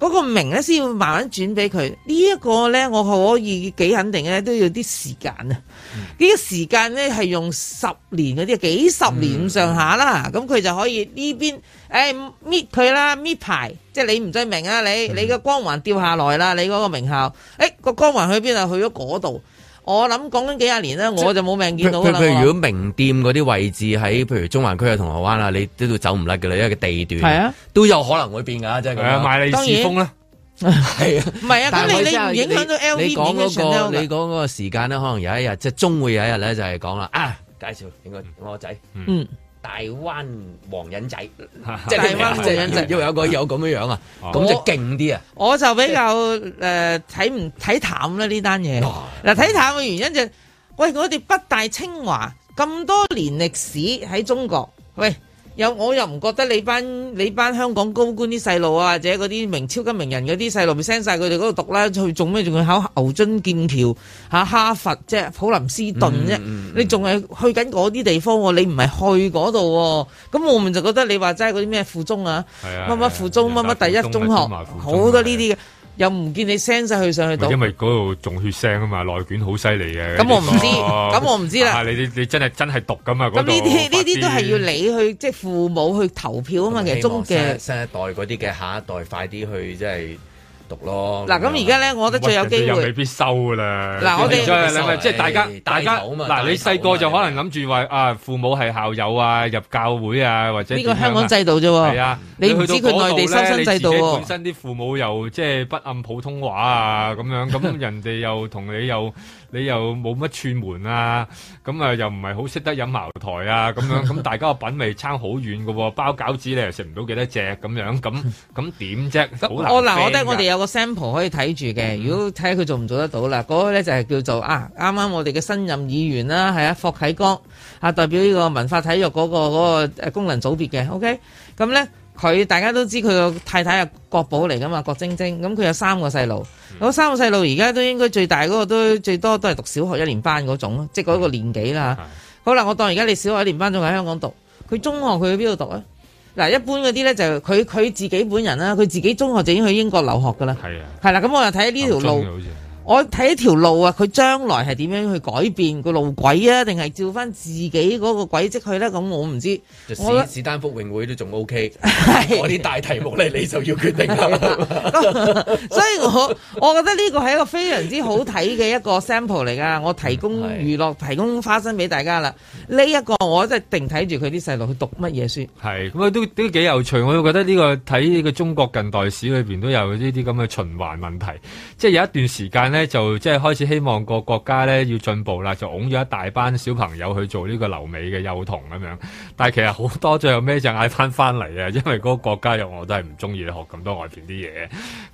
嗰、那個名咧先要慢慢轉俾佢，這個、呢一個咧我可以幾肯定咧，都要啲時間啊！呢、嗯這個時間咧係用十年嗰啲，幾十年咁上下啦，咁、嗯、佢就可以呢邊誒搣佢啦，搣、哎、牌，即係你唔使明啊！你你個光環掉下來啦，你嗰個名校，誒、哎、個光環去邊啊？去咗嗰度。我諗講緊幾廿年啦，我就冇命見到啦。譬如譬，譬如，如果名店嗰啲位置喺譬如中環區嘅銅鑼灣啦，你都都走唔甩嘅啦，因為個地段係啊，都有可能會變噶，即係、啊、賣利是風啦，係 啊。唔係啊，但係你你，你影響到 L V 點嘅訊你講嗰、那個，你講嗰個時間咧，可能有一日即係終會有一日咧，就係講啦啊，介紹應該我個仔嗯。嗯大灣黃人仔，即係大灣隻人仔，要有個有咁樣啊，咁 就勁啲啊！我就比較誒睇唔睇淡啦，呢單嘢。嗱，睇 淡嘅原因就係，喂，我哋北大、清華咁多年歷史喺中國，喂。有我又唔覺得你班你班香港高官啲細路啊，或者嗰啲名超級名人嗰啲細路，咪 send 晒佢哋嗰度讀啦，去做咩仲要考牛津劍橋吓哈佛啫，普林斯頓啫、嗯嗯，你仲係去緊嗰啲地方喎？你唔係去嗰度喎？咁我咪就覺得你話齋嗰啲咩附中啊，乜乜、啊、附中乜乜、啊啊、第一中學，好、啊、多呢啲嘅。又唔見你 send 曬去上去度，因為嗰度仲血腥啊嘛，內卷好犀利嘅。咁我唔知，咁我唔知啦。你、 啊、你，你，你真係真係讀㗎嘛？咁呢啲呢啲都係要你去，即係父母去投票啊嘛，其實中嘅新一代嗰啲嘅下一代快，快啲去即係。咯、啊、嗱，咁而家咧，我覺得最有機會又未必收噶啦。嗱、啊，我哋即係大家，哎、大家嗱，你細個就可能諗住話啊，父母係校友啊，入教會啊，或者呢、啊呢個香港制度啫喎。啊，你唔知佢內地收生制度喎。本身啲父母又即係不諳普通話啊咁樣，咁人哋又同你又。 你又冇乜串門啊，咁啊又唔係好識得飲茅台啊，咁樣咁大家㗎品味差好遠嘅喎，包餃子你又食唔到幾多隻咁樣，咁咁點啫？好難，我嗱，我覺得我哋有個 sample 可以睇住嘅，如果睇下佢做唔做得到啦。嗰個咧就係叫做啊，啱啱我哋嘅新任議員啦，係啊霍啟剛啊，代表呢個文化體育嗰個嗰個誒功能組別嘅，OK，咁咧。佢大家都知佢個太太係國寶嚟噶嘛，郭晶晶，咁佢有三個細路，嗰、嗯、三個細路而家都應該最大嗰個都最多都係讀小學一年班嗰種即係嗰個年紀啦，好啦，我當而家你小學一年班仲喺香港讀，佢中學佢去邊度讀咧？嗱，一般嗰啲呢，就佢、佢、佢自己本人啦，佢自己中學就已經去英國留學噶啦，係啦。咁我又睇呢條路。我睇一條路啊，佢將來係點樣去改變個路軌啊，定係照翻自己嗰個軌跡去咧？咁我唔知就我。史丹福永會都仲 O K，我啲大題目咧，你就要決定啦 所以我我覺得呢個係一個非常之好睇嘅一個 sample 嚟噶。我提供娛樂，提供花生俾大家啦。呢、這、一個我真係定睇住佢啲細路去讀乜嘢書。係咁啊，都都幾有趣。我都覺得呢、這個睇呢個中國近代史裏邊都有呢啲咁嘅循環問題，即係有一段時間。咧就即係開始希望個國家呢要進步啦，就拱咗一大班小朋友去做呢個留美嘅幼童咁樣。但係其實好多最後咩就嗌翻翻嚟啊，因為嗰個國家又我都係唔中意學咁多外邊啲嘢。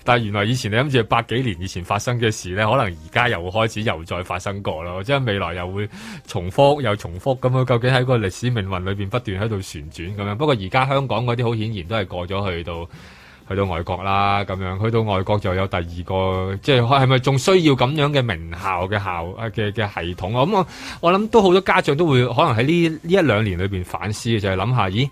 但係原來以前你諗住百幾年以前發生嘅事呢，可能而家又開始又再發生過咯，即係未來又會重複又重複咁。佢究竟喺個歷史命運裏邊不斷喺度旋轉咁樣？不過而家香港嗰啲好顯然都係過咗去到，去到外國啦，咁樣去到外國就有第二個，即係係咪仲需要咁樣嘅名校嘅校嘅嘅系統啊？咁、嗯、我我諗都好多家長都會可能喺呢呢一兩年裏邊反思嘅，就係、是、諗下，咦？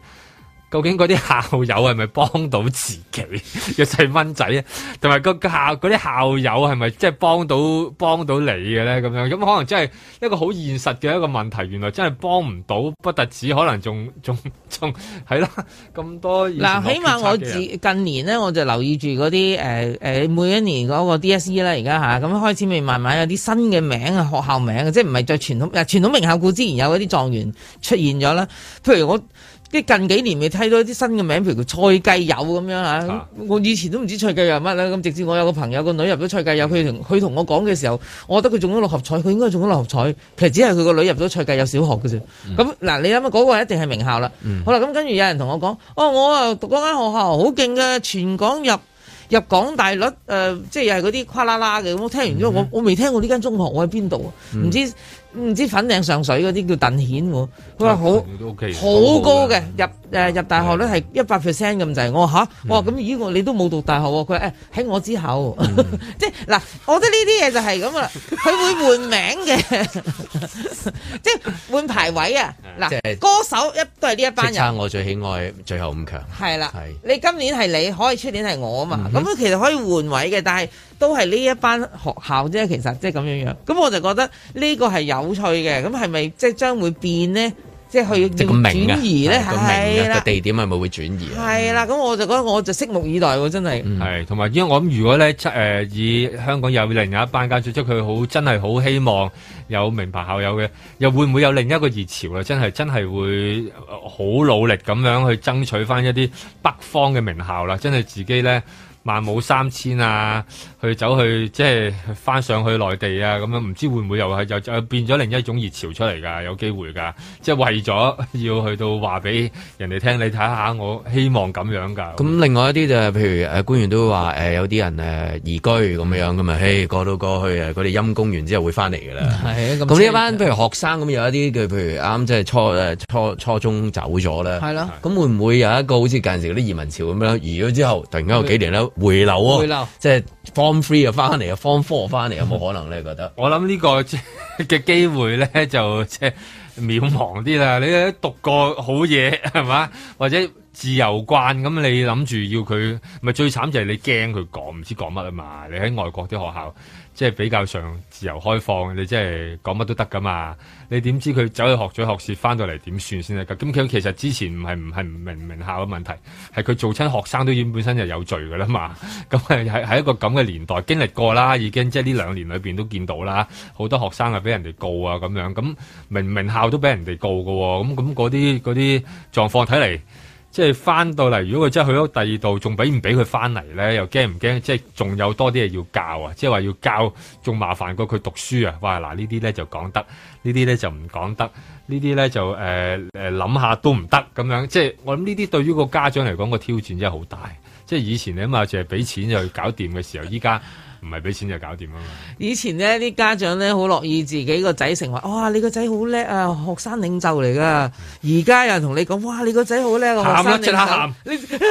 究竟嗰啲校友係咪幫到自己嘅細蚊仔啊？同埋個校嗰啲校友係咪即係幫到幫到你嘅咧？咁樣，咁可能真係一個好現實嘅一個問題。原來真係幫唔到，不特止，可能仲仲仲係啦咁多。嗱，起碼我自近年咧，我就留意住嗰啲誒誒，每一年嗰個 DSE 啦，而家吓咁開始，咪慢慢有啲新嘅名啊，學校名即係唔係最傳統，傳、啊、傳統名校固之然有嗰啲狀元出現咗啦。譬如我。即係近幾年咪睇到一啲新嘅名，譬如叫蔡繼有咁樣吓、啊，我以前都唔知蔡繼有乜咧。咁直至我有個朋友個女入咗蔡繼有，佢同佢同我講嘅時候，我覺得佢中咗六合彩，佢應該中咗六合彩。其實只係佢個女入咗蔡繼有小學嘅啫。咁、嗯、嗱，你諗下嗰個一定係名校啦、嗯。好啦，咁跟住有人同我講，哦，我啊讀嗰間學校好勁嘅，全港入入港大率誒、呃，即係又係嗰啲跨啦啦嘅。咁聽完之後、嗯、我我未聽過呢間中學，我喺邊度啊？唔、嗯、知。唔知粉嶺上水嗰啲叫鄧顯，佢話好好高嘅入誒入大學咧係一百 percent 咁滯我嚇，我話咁咦我你都冇讀大學喎，佢話誒喺我之後，即係嗱，我覺得呢啲嘢就係咁啦，佢會換名嘅，即係換排位啊！嗱，歌手一都係呢一班人。我最喜愛最後五強。係啦，你今年係你可以出年係我啊嘛，咁其實可以換位嘅，但係。都係呢一班學校啫，其實即係咁樣樣。咁我就覺得呢個係有趣嘅。咁係咪即係將會變呢？即係去轉移咧？係啦。個地點係咪會轉移？係啦。咁我就覺得我就拭目以待喎，真係。係同埋，因為我諗，如果咧、呃，以香港有另外一班家長出，佢、就、好、是、真係好希望。有名牌校友嘅，又會唔會有另一個熱潮啊？真係真係會好努力咁樣去爭取翻一啲北方嘅名校啦！真係自己咧萬冇三千啊，去走去即係翻上去內地啊，咁樣唔知會唔會又係又又變咗另一種熱潮出嚟㗎？有機會㗎，即係為咗要去到話俾人哋聽，你睇下我希望咁樣㗎。咁另外一啲就係、是、譬如、呃、官員都話、呃、有啲人誒、呃、移居咁樣㗎嘛，嘿，過到過去啊，佢、呃、哋陰功完之後會翻嚟㗎啦。咁呢、啊、一班譬如學生咁有一啲譬如啱即係初初初,初中走咗呢，係咯、啊，咁會唔會有一個好似近時嗰啲移民潮咁咧？移咗之後突然間有幾年咧回流喎，即係 Form Three 就翻、啊、嚟，Form Four 翻嚟 有冇可能咧？你覺得我諗呢個嘅機會咧就即係渺茫啲啦。你讀過好嘢係嘛？或者自由慣咁，你諗住要佢咪最慘就係你驚佢講唔知講乜啊嘛？你喺外國啲學校。即係比較上自由開放，你即係講乜都得噶嘛。你點知佢走去學咗學士，翻到嚟點算先得㗎？咁佢其實之前唔係唔係唔名名校嘅問題，係佢做親學生都已經本身就有罪噶啦嘛。咁係喺喺一個咁嘅年代經歷過啦，已經即係呢兩年裏邊都見到啦，好多學生啊，俾人哋告啊咁樣。咁名名校都俾人哋告㗎喎，咁咁嗰啲嗰啲狀況睇嚟。即係翻到嚟，如果佢真係去咗第二度，仲俾唔俾佢翻嚟咧？又驚唔驚？即係仲有多啲嘢要教啊？即係話要教，仲麻煩過佢讀書啊？哇！嗱，呢啲咧就講得，呢啲咧就唔講得，呢啲咧就誒誒諗下都唔得咁樣。即係我諗呢啲對於個家長嚟講個挑戰真係好大。即係以前你吖嘛淨係俾錢就搞掂嘅時候，依家。唔係俾錢就搞掂啊嘛！以前呢啲家長咧好樂意自己個仔成為，哇！你個仔好叻啊，學生領袖嚟㗎。而家又同你講，哇！你個仔好叻，學生領袖。鹹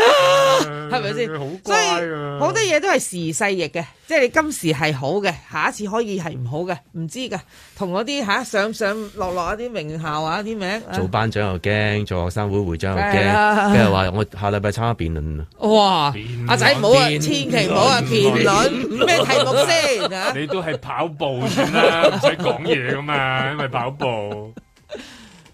啊，係咪先？所以好多嘢都係時勢易嘅，即係你今時係好嘅，下一次可以係唔好嘅，唔知㗎。同嗰啲嚇上上落落一啲名校啊，啲、啊、名。做班長又驚，做學生會會長又驚，即係話我下禮拜參加辯論啊！哇！阿仔唔好啊，千祈唔好啊，辯論題目先、 啊、你都係跑步算啦，啊，唔使講嘢㗎嘛，因為跑步。